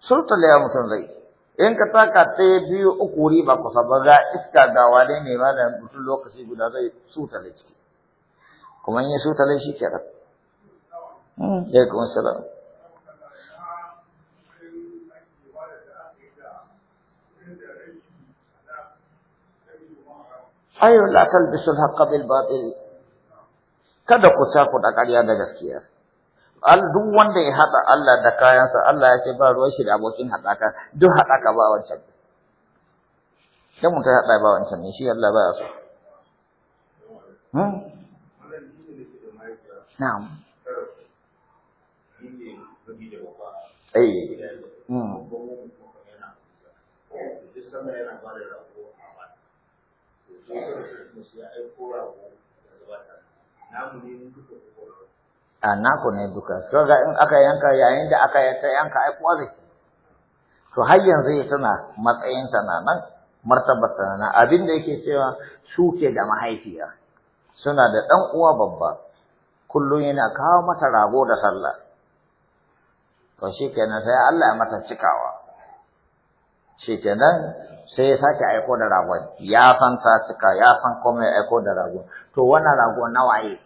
sultan ya mutum zai in ka taka ɗaya biyu uku riba kusa ba ga iska ga wane ne ba da mutum lokaci guda zai sutale ciki kuma in ya sutale shi ke kenan hmm. alaikum salam ayo la talbisul haƙa bil batil kada ku sa ku da ƙarya da gaskiya duk wanda ya haɗa Allah da kayansa Allah ya ce ba ruwan shi da abokin haɗaka duk haɗaka ba wancan sai mutum ya haɗa ba wancan ne shi Allah ba ya so hmm? na'am eh mm namu ne a naku ne duka So ga in aka yanka yayin da aka yanka yanka ai kuwa zai to har yanzu tana matsayin na nan martaba ta nan abin da yake cewa suke da mahaifiya suna da ɗan uwa babba kullum yana kawo mata rago da sallah to shikenan sai Allah ya mata cikawa shikenan sai ya sake aiko da ragon ya san ta cika ya san komai aiko da ragon to wannan ragon nawaye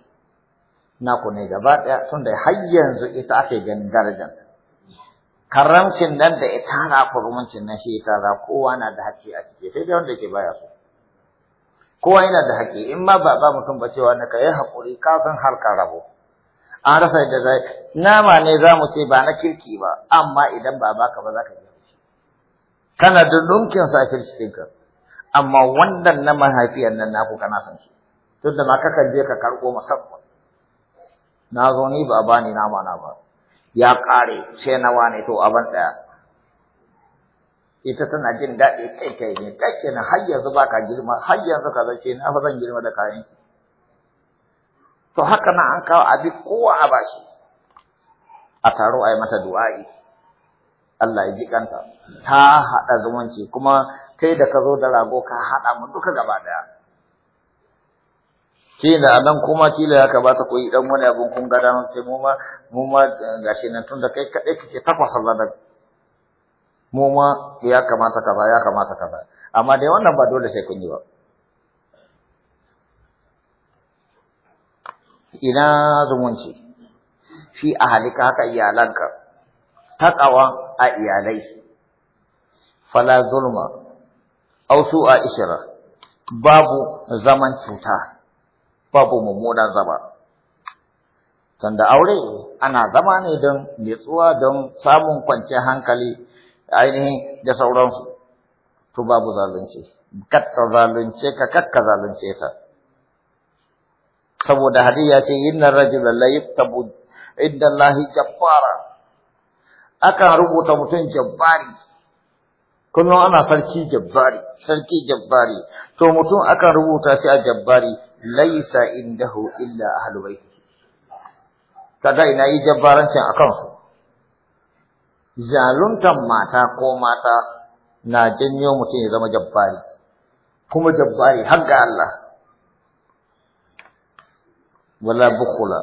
naku ne gaba ɗaya tun da har yanzu ita ake ganin darajar karamcin nan da ita na kurmuncin nan shi ita za kowa na da haƙƙi a ciki sai dai wanda ke baya su. kowa yana da haƙƙi in ma ba ba mutum ba cewa na ka yi haƙuri san har ka rabo an rasa da zai nama ne za mu ce ba na kirki ba amma idan ba baka ba za ka shi. kana da dunkin sa ka, amma wannan na mahaifiyar nan naku kana san shi tunda ma kakan je ka karɓo musamman na zo ni ba bani nama na ba ya kare sai na wane to aban daya ita tana jin daɗi kai kai ne kai na har yanzu ba ka girma har yanzu ka zace na fa zan girma da kayan to haka na an kawo abi kowa a bashi a taro a yi mata du'a'i Allah ya ji kanta ta haɗa zumunci kuma kai da ka zo da rago ka haɗa mu duka gaba daya kila a nan kuma kila ya kamata ku yi dan wani abun kun gada mun sai mu ma mu ma gashi nan tun da kai kadai kake sallah da mu ma ya kamata kaza ya kamata kaza amma dai wannan ba dole sai kun yi ba ina zumunci fi ahalika haka iyalanka taqawa a iyalai fala zulma aw su'a ishra babu zaman cuta babu mummunan zama. Tanda aure ana zama ne don nutsuwa don samun kwanciyar hankali ainihin da sauransu. To babu zalunci, katta zalunce ka kakka zalunce ta. Saboda hadiya ce yin nan rajula la yuktabu inda Allahi jabbara. Akan rubuta mutum jabbari. Kullum ana sarki jabbari, sarki jabbari. To mutum akan rubuta shi a jabbari, laisa indahu illa ahlu baiti kada ina yi jabbarancin akan su zaluntan mata ko mata na janyo mutum ya zama jabbari kuma jabbari har ga Allah wala bukhula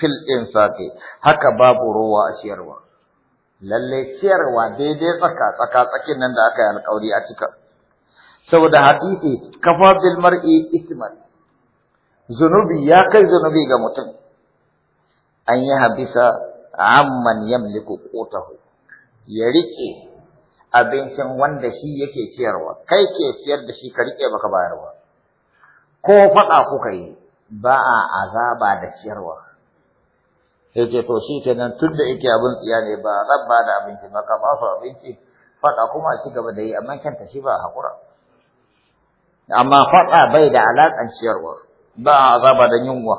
fil infaqi haka babu ruwa a ciyarwa lalle ciyarwa daidai tsaka tsaka tsakin nan da aka yi alƙawari a cika saboda hadisi kafa bil mar'i isman zunubi ya kai zunubi ga mutum an yi habisa amman yamliku qutahu ya rike abincin wanda shi yake ciyarwa kai ke ciyar da shi ka rike baka bayarwa. ko faɗa kuka yi ba a azaba da ciyarwa yace to shi kenan tun da yake abin tsiya ne ba zan ba da abinci ba ka ba abinci faɗa kuma shi gaba da yi amma kanta shi ba hakura amma faɗa bai da alaƙan ciyarwa ba azaba da yunwa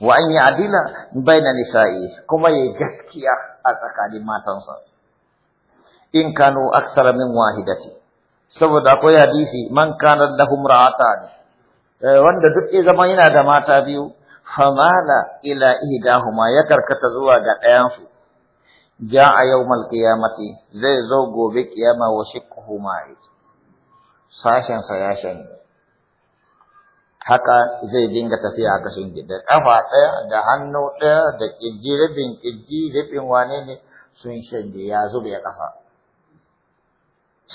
wa an ya'dila baina nisa'i kuma yayi gaskiya a tsakanin matansa in kanu aksara min wahidati saboda akwai hadisi man kana lahum ra'atan eh, wanda duk ya zama yana da mata biyu famala ila ihdahuma ya karkata zuwa ga ɗayan su ja'a yawmal qiyamati zai zo gobe kiyama wa shiqquhu sashensa ya shanye haka zai dinga tafiya a kashin gida ƙafa ɗaya da hannu ɗaya da ƙirji ƙirji rabin wane ne sun shanye ya zube ƙasa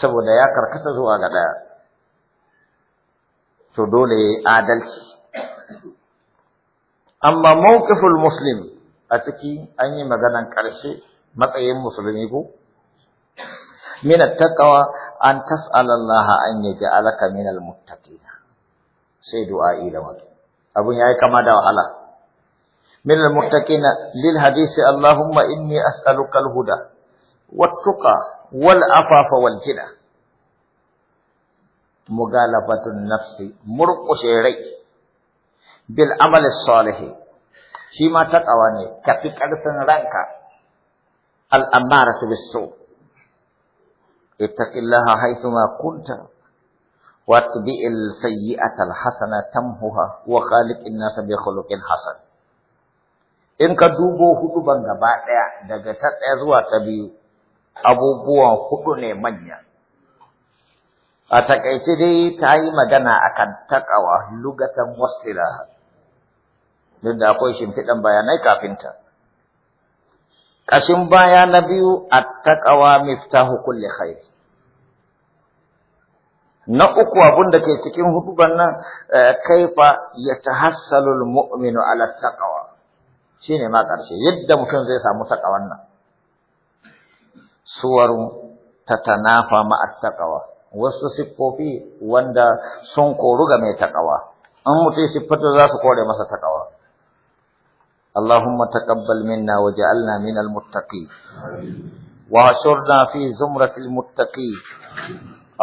saboda ya karkata zuwa ga ɗaya to dole ya adalci amma mawqiful muslim a ciki an yi maganan ƙarshe matsayin musulmi ko Mina takawa an tas'alallaha an yaj'alaka minal muttaqina sai du'a'i da wato abun yayi kama da wahala minal muttaqina lil hadisi allahumma inni as'aluka al huda wal afafa wal jina mugalabatun nafsi murqushe rai bil amali salih shi ma takawa ne kafi karfin ranka al amaratu bis su' ittaqillaha haythuma kunta tubil sayyi'atal hasana tamhuha wa khaliqin nasa bi khuluqin hasan in ka dubo hudu ban gaba daya daga ta daya zuwa ta biyu abubuwan hudu ne manya a takaice dai ta yi magana akan takawa lugatan wasila duk da akwai shimfiɗan bayanai kafinta ƙashin baya na biyu attaqawa miftahu kulli khair na uku abun da ke cikin huduban nan eh, kaifa ya yatahassalu almu'minu ala taqwa shine ma ƙarshe yadda mutum zai samu taqwan nan suwarun tatanafa ma attaqwa wasu siffofi wanda sun koru ga mai taqwa an mutum siffata za su kore masa taqwa اللهم تقبل منا وجعلنا من المتقين وحشرنا في زمرة المتقين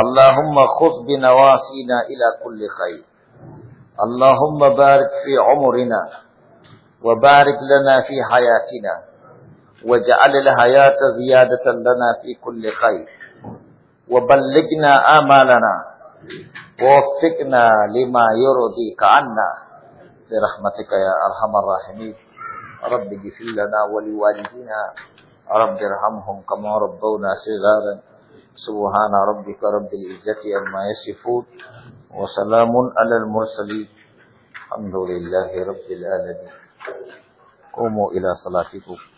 اللهم خذ بنواسينا إلى كل خير اللهم بارك في عمرنا وبارك لنا في حياتنا واجعل الحياة زيادة لنا في كل خير وبلغنا آمالنا ووفقنا لما يرضيك عنا برحمتك يا أرحم الراحمين رب اغفر لنا ولوالدينا رب ارحمهم كما ربونا صغارا سبحان ربك رب العزة عما يصفون وسلام على المرسلين الحمد لله رب العالمين قوموا إلى صلاتكم